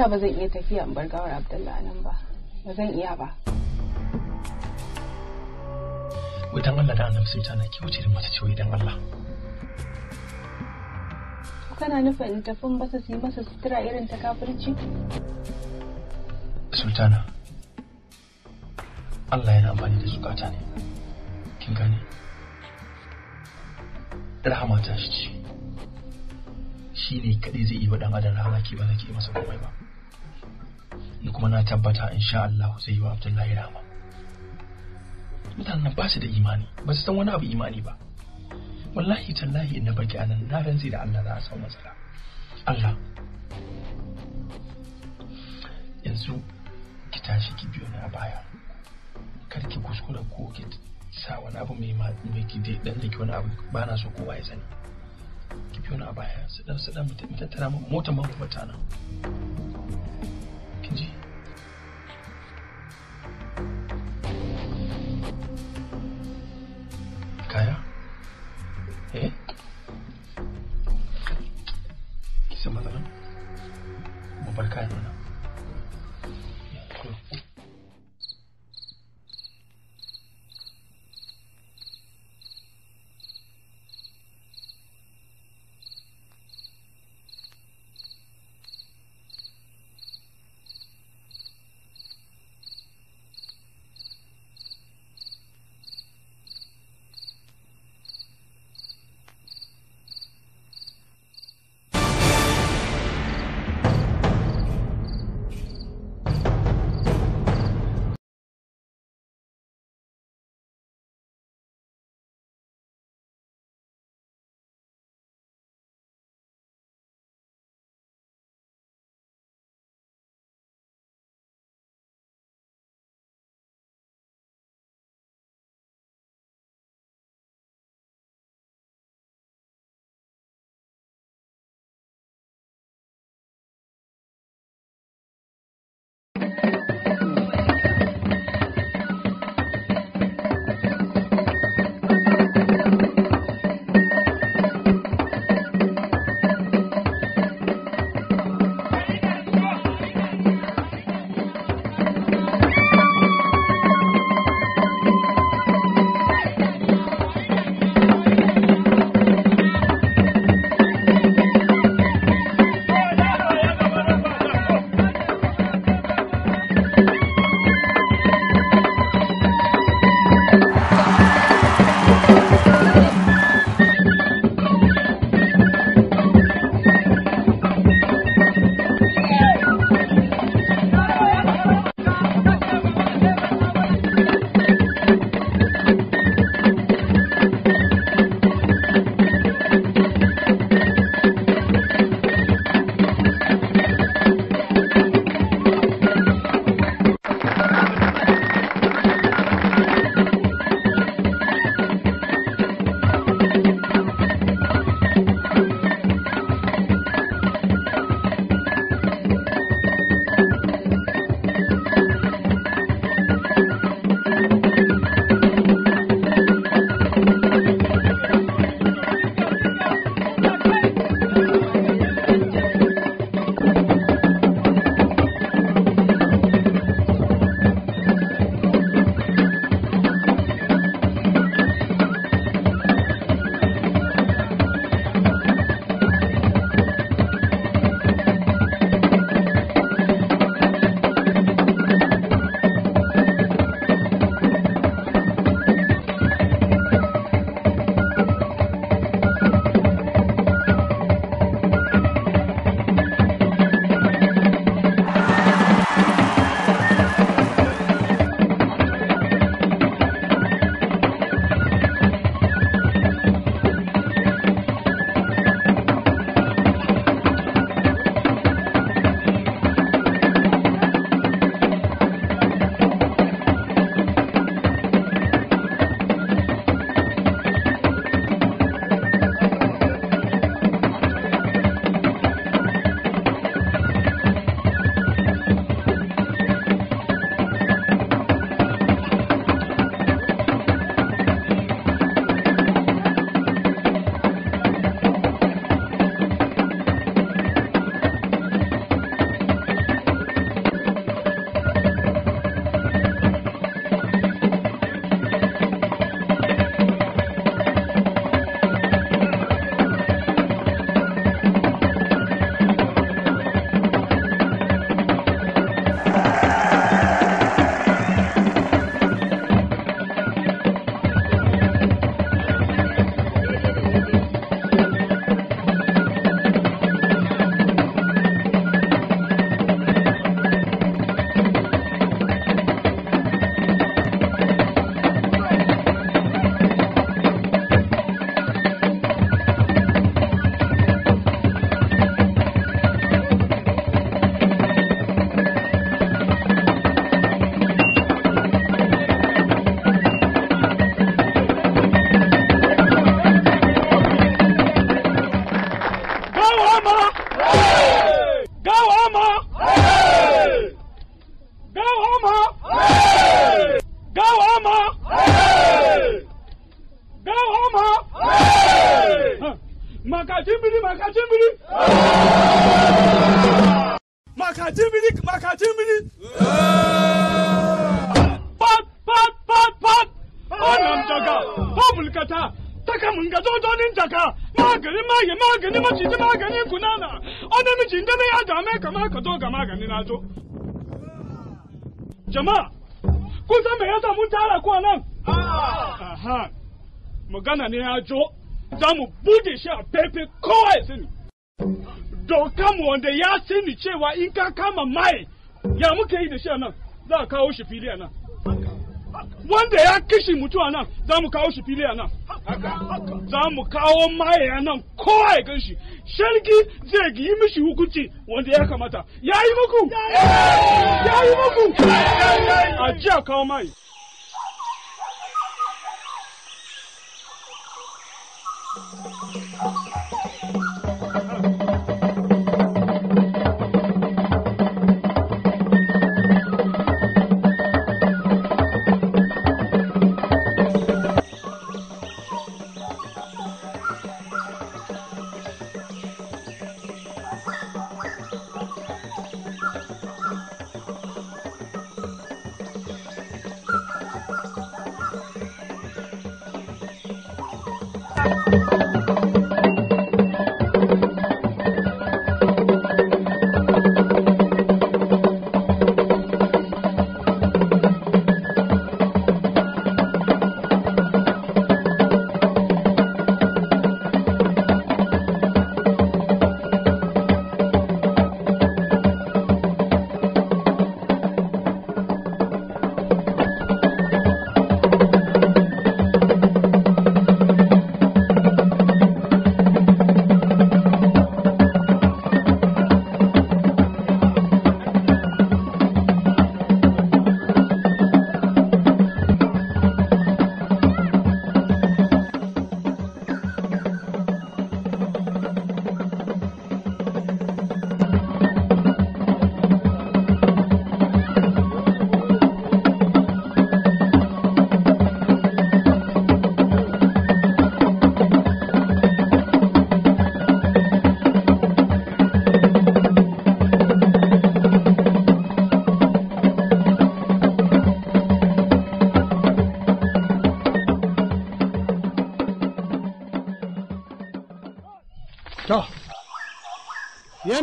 ba zan iya tafiya in bar gawar Abdullahi nan ba ba zan iya ba Wutan Allah da annabi sai tana ki wuce da mace ciwo idan Allah kana nufin tafin masa su yi masa sutura irin ta kafirci sultana Allah yana amfani da zukata ne kin gane rahama ta shi ce shi ne kaɗai zai yi wa ɗan adam rahama ke ba za ki yi masa komai ba kuma na tabbata in sha Allah zai yi wa Abdullahi rama mutanen ba su da imani ba su san wani abu imani ba wallahi tallahi in na baki anan na rantsi da Allah za a samu matsala Allah yanzu ki tashi ki biyo ni a baya kar ki kuskura ko ki sa wani abu mai mai ki dai dan da wani abu ba na so kowa ya sani ki biyo ni a baya Sadan dan mutum dan mutana Kaya? Eh? Kisa mata bar shi fili a nan wanda ya kishi mutuwa nan za mu kawo shi fili a nan za mu kawo maye a nan kowa ya gan shi shargi zai yi mishi hukunci wanda ya kamata ya yi muku ya yi muku a ji a kawo maye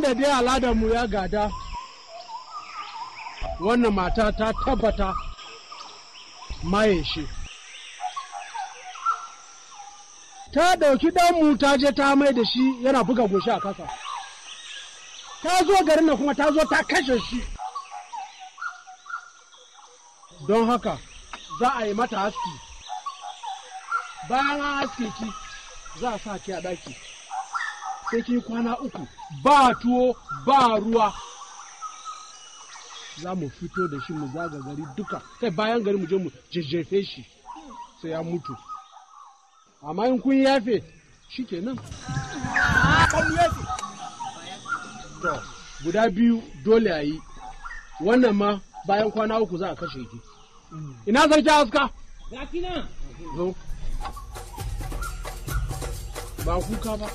da dai aladarmu ya gada wannan mata ta tabbata maye shi ta ɗauki ɗanmu ta je ta mai da shi yana buga goshi a kasa ta zo garin nan kuma ta zo ta kashe shi don haka za a yi mata haski bayan haski ki za a sa ki a ɗaki sai kin kwana uku ba tuwo ba ruwa za mu fito da shi mu zaga gari duka kai bayan gari mu je mu jejefe shi sai ya mutu amma in kun yafe shi kenan guda biyu dole a yi wannan ma bayan kwana uku za a kashe ki ina sarki aska zo War Huka war.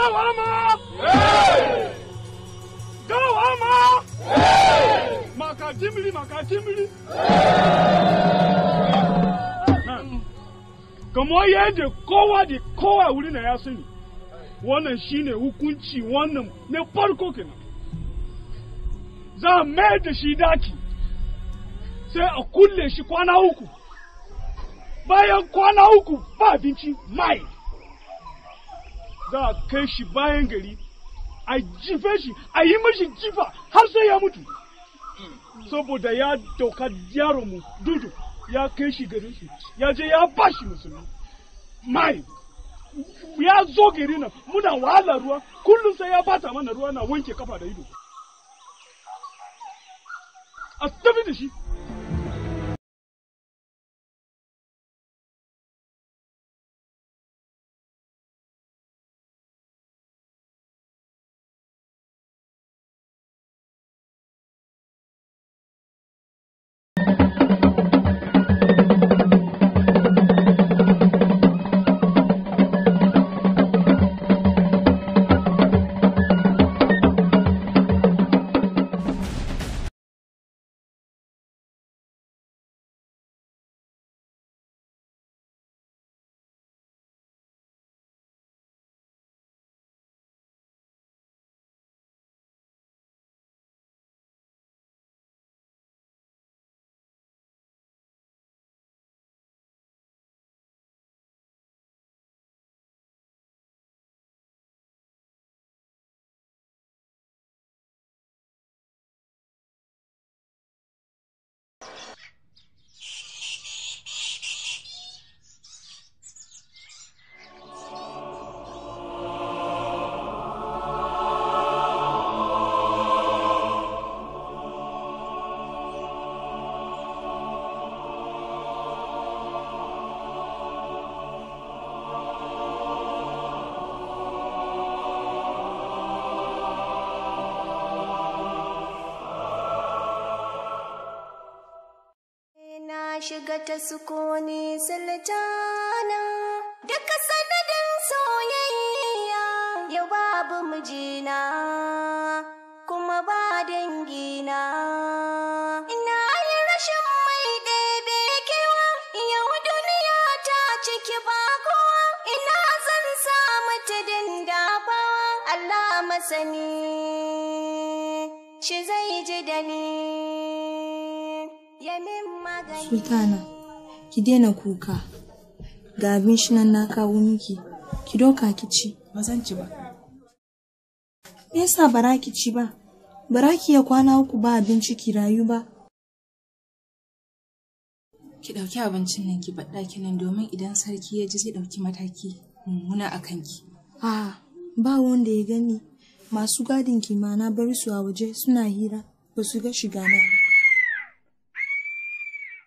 Gawama! Gawama! yadda kowa da kowa wuri na ya sani, wannan shine hukunci wannan na farko kenan. Za a mayar da shi daki, sai a kulle shi kwana uku, bayan kwana uku ba abinci mai. za a kai shi bayan gari a jife shi a yi mashi jifa har sai ya mutu saboda ya dauka yaro mu dudu ya kai shi garin shi ya je ya ba shi musulmi mai ya zo gari nan muna wahala ruwa kullum sai ya bata mana ruwa na wanke kafa da ido a tafi da shi ಘಟಸುಕೋನೆ ಸಲಜಾ Sultana, ki daina kuka. Ga abin shi nan na kawo miki, ki doka ki ci. Ba zan ci ba. yasa bara ki ci ba? Bara ki ya kwana uku ba abinci ki rayu ba. Ki ɗauki abincin nan ki baɗa nan domin idan sarki ya ji zai ɗauki mataki mummuna a kanki. A ba wanda ya gani masu gadin kimana, ma su a waje suna hira ba su ga shiga na ba.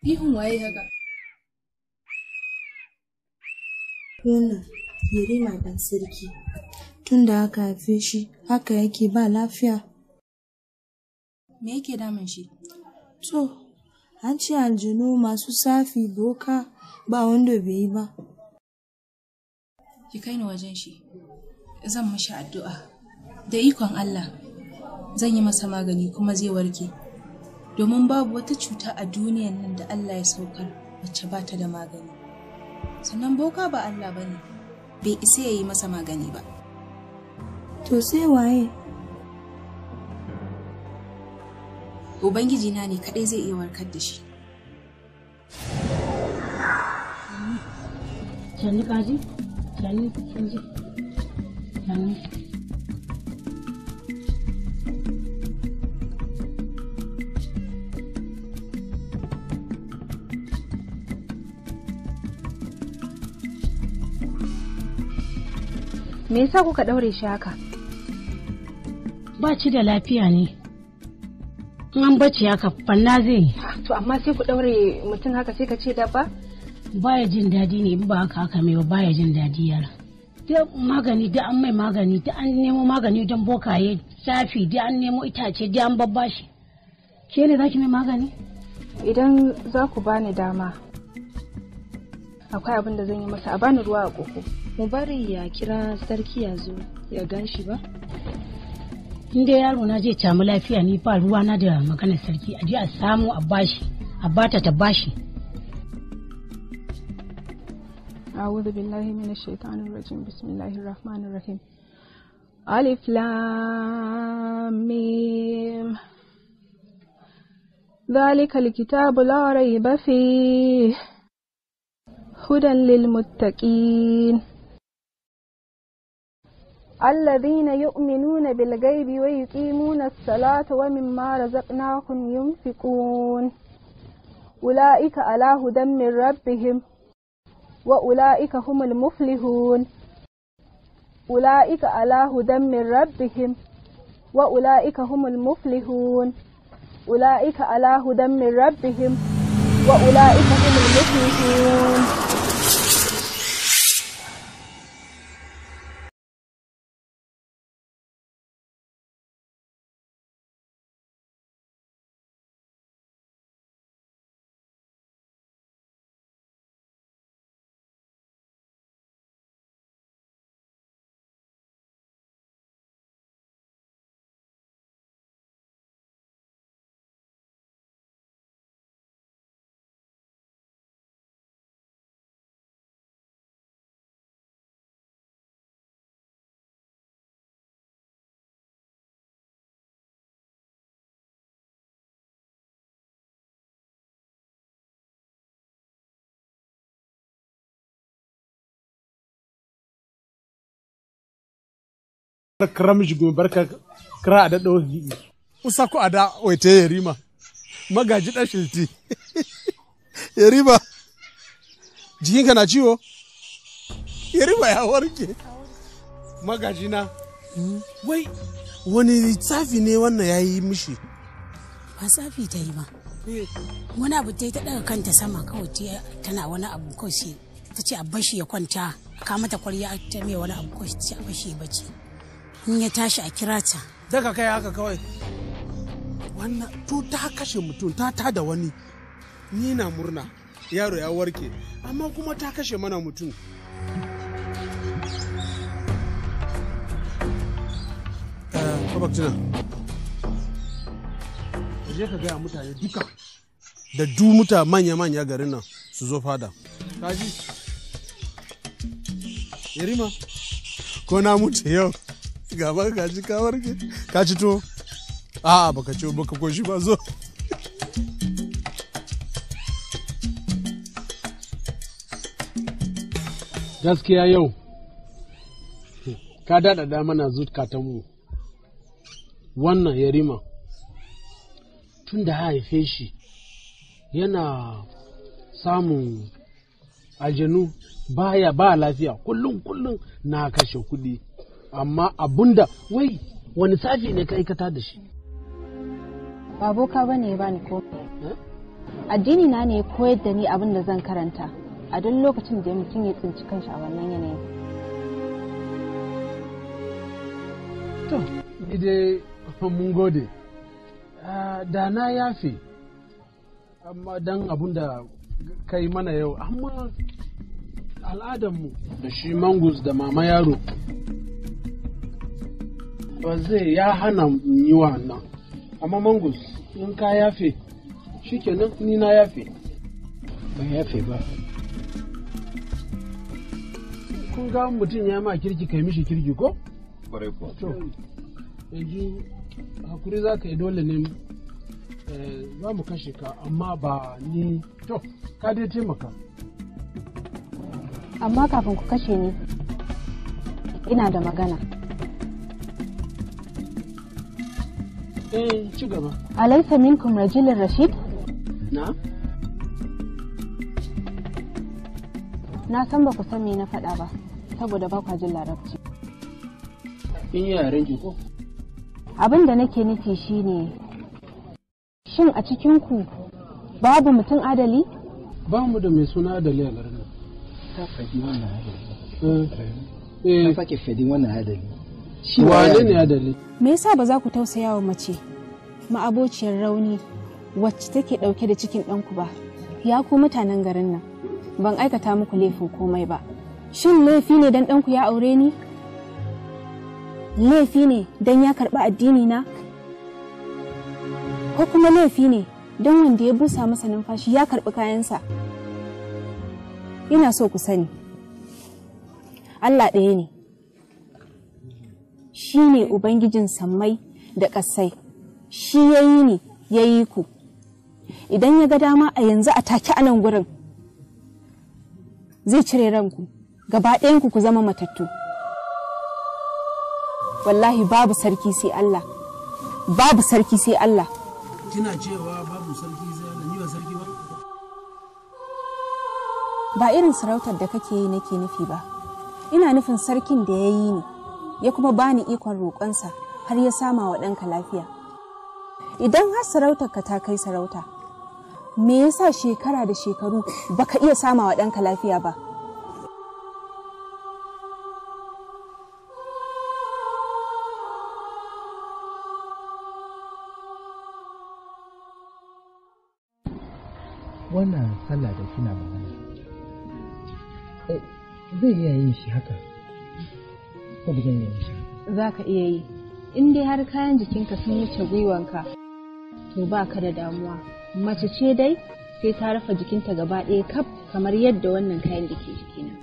Ihun waye haka? Wannan yare na ɗan sarki. Tun da aka haife shi, haka yake ba lafiya. Me yake damun shi? To, an ce aljanu masu safi doka ba wanda bai yi ba. Ki kai ni wajen shi, zan mashi addu'a. Da ikon Allah, zan yi masa magani kuma zai warke. domin babu wata cuta a duniyan nan da Allah ya saukar wacce ba ta da magani sannan boka ba Allah ba ne bai isa ya yi masa magani ba to sai waye ubangiji na ne kaɗai zai iya warkar da shi Can you? me yasa kuka ɗaure shi haka ba ci da lafiya ne in an bacci haka fanna zai yi to amma sai ku ɗaure mutum haka sai ka ce dabba baya jin daɗi ne in ba haka haka mai ba baya jin daɗi yara da magani da an mai magani da an nemo magani don bokaye safi da an nemo itace da an babbashi ke ne za ki mai magani idan za ku bani dama akwai abin da zan yi masa a bani ruwa a koko mu bari ya kira sarki ya zo ya gan shi ba inda yaro na je camu lafiya ni ba ruwa na da maganar sarki a je a samu a bashi a bata ta bashi A'udhu billahi minash shaitanir rajim bismillahir rahmanir rahim alif lam mim ذلك الكتاب لا ريب فيه هدى للمتقين الذين يؤمنون بالغيب ويقيمون الصلاة ومما رزقناهم ينفقون أولئك على هدى من ربهم وأولئك هم المفلحون أولئك على هدى من ربهم وأولئك هم المفلحون أولئك على هدى من ربهم وأولئك هم المفلحون ta karamji gumi barka kira a daɗa daɗo gi'i. Usa ku a da waite ya rima, magaji ɗan shilti. Ya Yarima jikinka na ciwo? Ya rima ya warke. Magaji na. Wai wani tsafi ne wannan ya yi mishi? Ba tsafi ta yi ba. Eh. Wani abu ta yi ta ɗaga kanta sama kawai tana wani abu kawai ta ce a bashi ya kwanta. Ka mata kwarya ta mai wani abu kawai ta ce a bashi ya bace. in ya tashi a kira ta daga kai haka kawai wannan to ta kashe mutum ta ta da wani ni na murna yaro ya warke amma kuma ta kashe mana mutum eh, je ka gaya mutane duka da du muta manya-manya garin nan su zo fada kaji yarima ko na mutu yau gaba gaji kawar ke ka ci to a baka ci baka koshi ba zo gaskiya yau ka daɗaɗa mana mu wannan yarima tun da haife shi yana samun aljanu baya ba lafiya kullum kullum na kashe kuɗi amma abunda wai wani sashi ne ka aikata da shi ba boka ba ne ba ni ko addini na ne koyar da ni abin da zan karanta a duk lokacin da mutum ya tsinci kanshi a wannan yanayin to ni dai mun gode da na yafe amma don abin da kai mana yau amma al'adarmu da shi mangus da mama yaro ba zai ya hana yi wannan amma mangus in ka yafe shikenan ni na yafe ba yafe ba kun ga mutum ya ma kirki kai mishi kirki ko? kwarai ko to yanzu hakuri za ka yi dole ne eh, za mu kashe ka amma ba ni to ka dai taimaka amma kafin ku kashe ni ina da magana Eh, ci gaba. Alaisa minkum rajulun Rashid? Na? Na san ba ku san me na faɗa ba, saboda ba kwa jin larabci. In yaren ki ko? Abin da nake nufi ne. shin a cikinku babu mutum adali? Ba mu da mai suna adali a garin nan. Ta fadi wannan adali. Eh. Ta faɗi wannan adali. shi wane ne adali me yasa ba za ku tausaya wa mace ma'abociyar rauni wacce take dauke da cikin ɗanku ba ya ku mutanen garin nan ban aikata muku laifin komai ba shin laifi ne dan ɗanku ya aure ni laifi ne dan ya karɓi addini na ko kuma laifi ne don wanda ya busa masa numfashi ya karɓi kayansa ina so ku sani Allah ɗaya ne shi ne Ubangijin sammai da ƙasai, shi ya yi ni ya yi ku. Idan ya ga dama a yanzu a take a nan gurin, zai cire ranku, gaba ɗayanku ku zama matattu. Wallahi babu sarki sai Allah, babu sarki sai Allah. Kina cewa babu sarki sai Allah, sarki ba? Ba irin sarautar da kake yi nake nufi ba, ina nufin sarkin da ya yi ni. ya kuma bani ikon roƙonsa har ya sama wa ɗanka lafiya idan har sarautarka ta kai sarauta me yasa shekara da shekaru baka iya sama wa ɗanka lafiya ba wannan sallah da kina magana eh, zai iya yin shi haka ko za ka iya yi in dai har kayan jikinka sun wuce gwiwanka to ba ka da damuwa mace ce dai sai ta rufe jikinta gaba ɗaya kaf kamar yadda wannan kayan da ke jikina.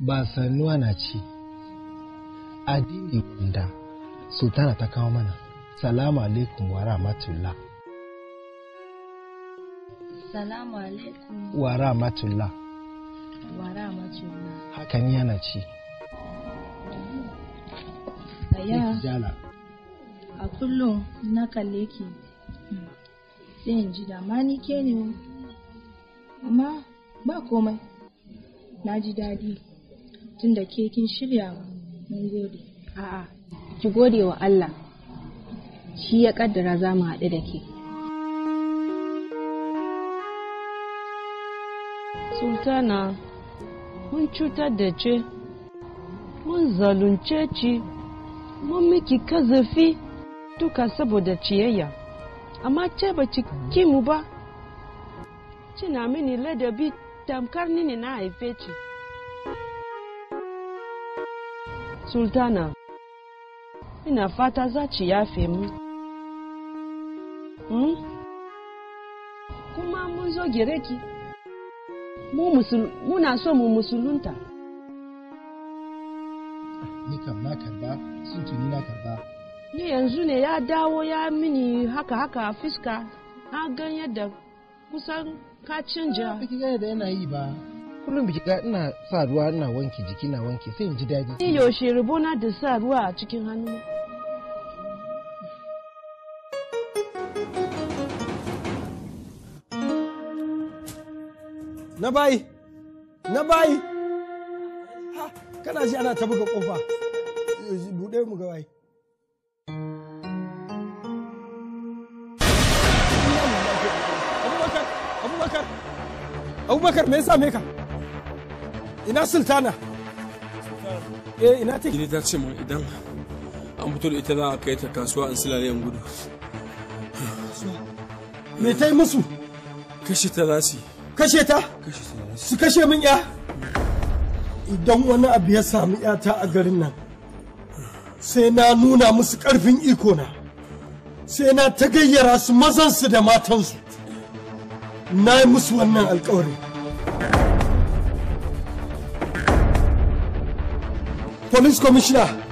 Ba sannuwa na Adini kunda Sultana ta kawo mana. Salamu alaikum wa rahmatullah. Assalamu alaikum. Wa rahmatullah. Wa rahmatullah. Hakan yana ci. Aya. A kullum na kalle ki. Sai in ji da ma ni ke ne. Amma ba komai. Na ji daɗi. Tunda ke kin shirya mun gode. A'a, ki gode wa Allah. Shi ya kaddara za mu haɗu da ke. sultana mun cutar da ce mun zalunce ci mun miki kazafi duka saboda ciyayya amma ce ba ki mu ba cina mini ladabi tamkar nini na haife ci sultana ina fata za ci yafe mu hmm? kuma mun zo gire ki mu muna so mu musulunta ni kam na karba sun tuni na karba ni yanzu ne ya dawo ya mini haka haka fuska na gan yadda kusan ka canja ba ki gane da yana yi ba kullum biki ga ina sa ruwa ina wanke jiki na wanke sai in ji daji. ni yaushe rubona da sa ruwa a cikin hannu na bayi na bayi kana ji ana ta buga kofa bude mu ga bayi abubakar abubakar me yasa me ka ina sultana eh ina ta gidi ta ce mu idan an fito da ita za a kai ta kasuwa an silale an gudu me tai musu kashi ta za kashe ta su kashe min ya idan wani abu ya sami yata a garin nan sai na nuna musu ƙarfin ikona sai na ta gayyara su mazansu da matansu na yi musu wannan alkawari police commissioner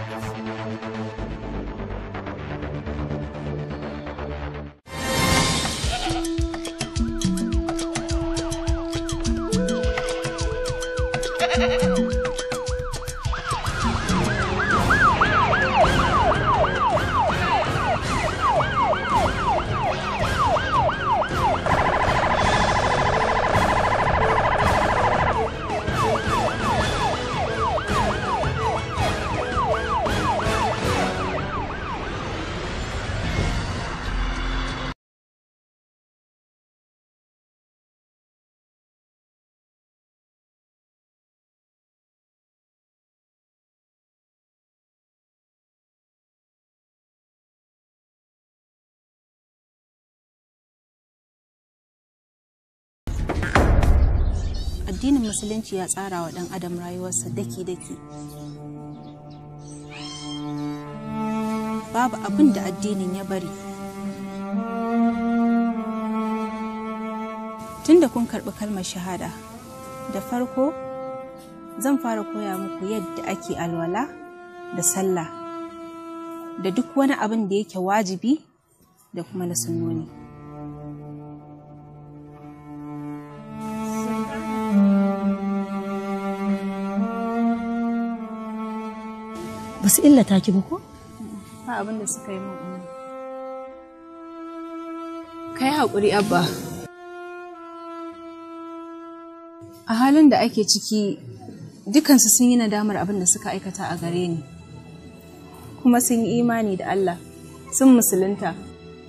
addinin musulunci ya tsara wa ɗan adam rayuwarsa daki-daki babu abin da addinin ya bari tun da kun karɓi kalmar shahada da farko zan fara koya muku yadda ake alwala da sallah da duk wani abin da yake wajibi da kuma na sunnoni. su illata ki ba ko? Ba abin suka yi min Kai haƙuri abba. A halin da ake ciki dukansu sun yi nadamar abin da suka aikata a gare ni. Kuma sun yi imani da Allah, sun musulunta.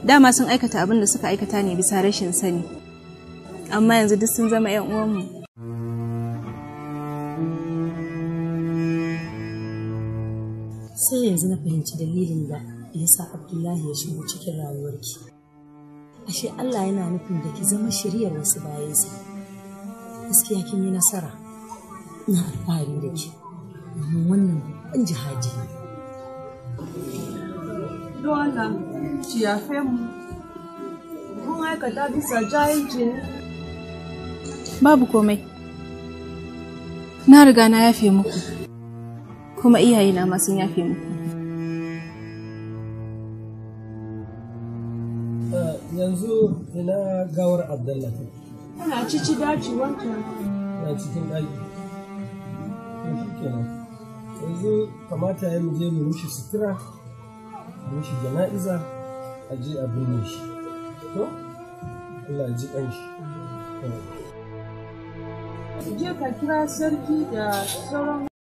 Dama sun aikata abin da suka aikata ne bisa rashin sani. Amma yanzu duk sun zama 'yan uwanmu. sai yanzu na fahimci dalilin da ya sa abdullahi ya shigo cikin rayuwarki ashe allah yana nufin da ki zama shiryar wasu bayansa gaskiya kin yi nasara na alfahari da ke domin wannan babban jihadi ne dole ki yafe mu mun aikata bisa jahilci ne babu komai na riga na yafe muku kuma iyayena ma sun yafe muku ah, yanzu ina gawar Abdullahi? ana cici daji wanka na cikin daji kenan yanzu kamata ya muje mu rushe sutura mu rushe jana'iza a je a binne shi to Allah ji ɗan shi je ka kira sarki da sauran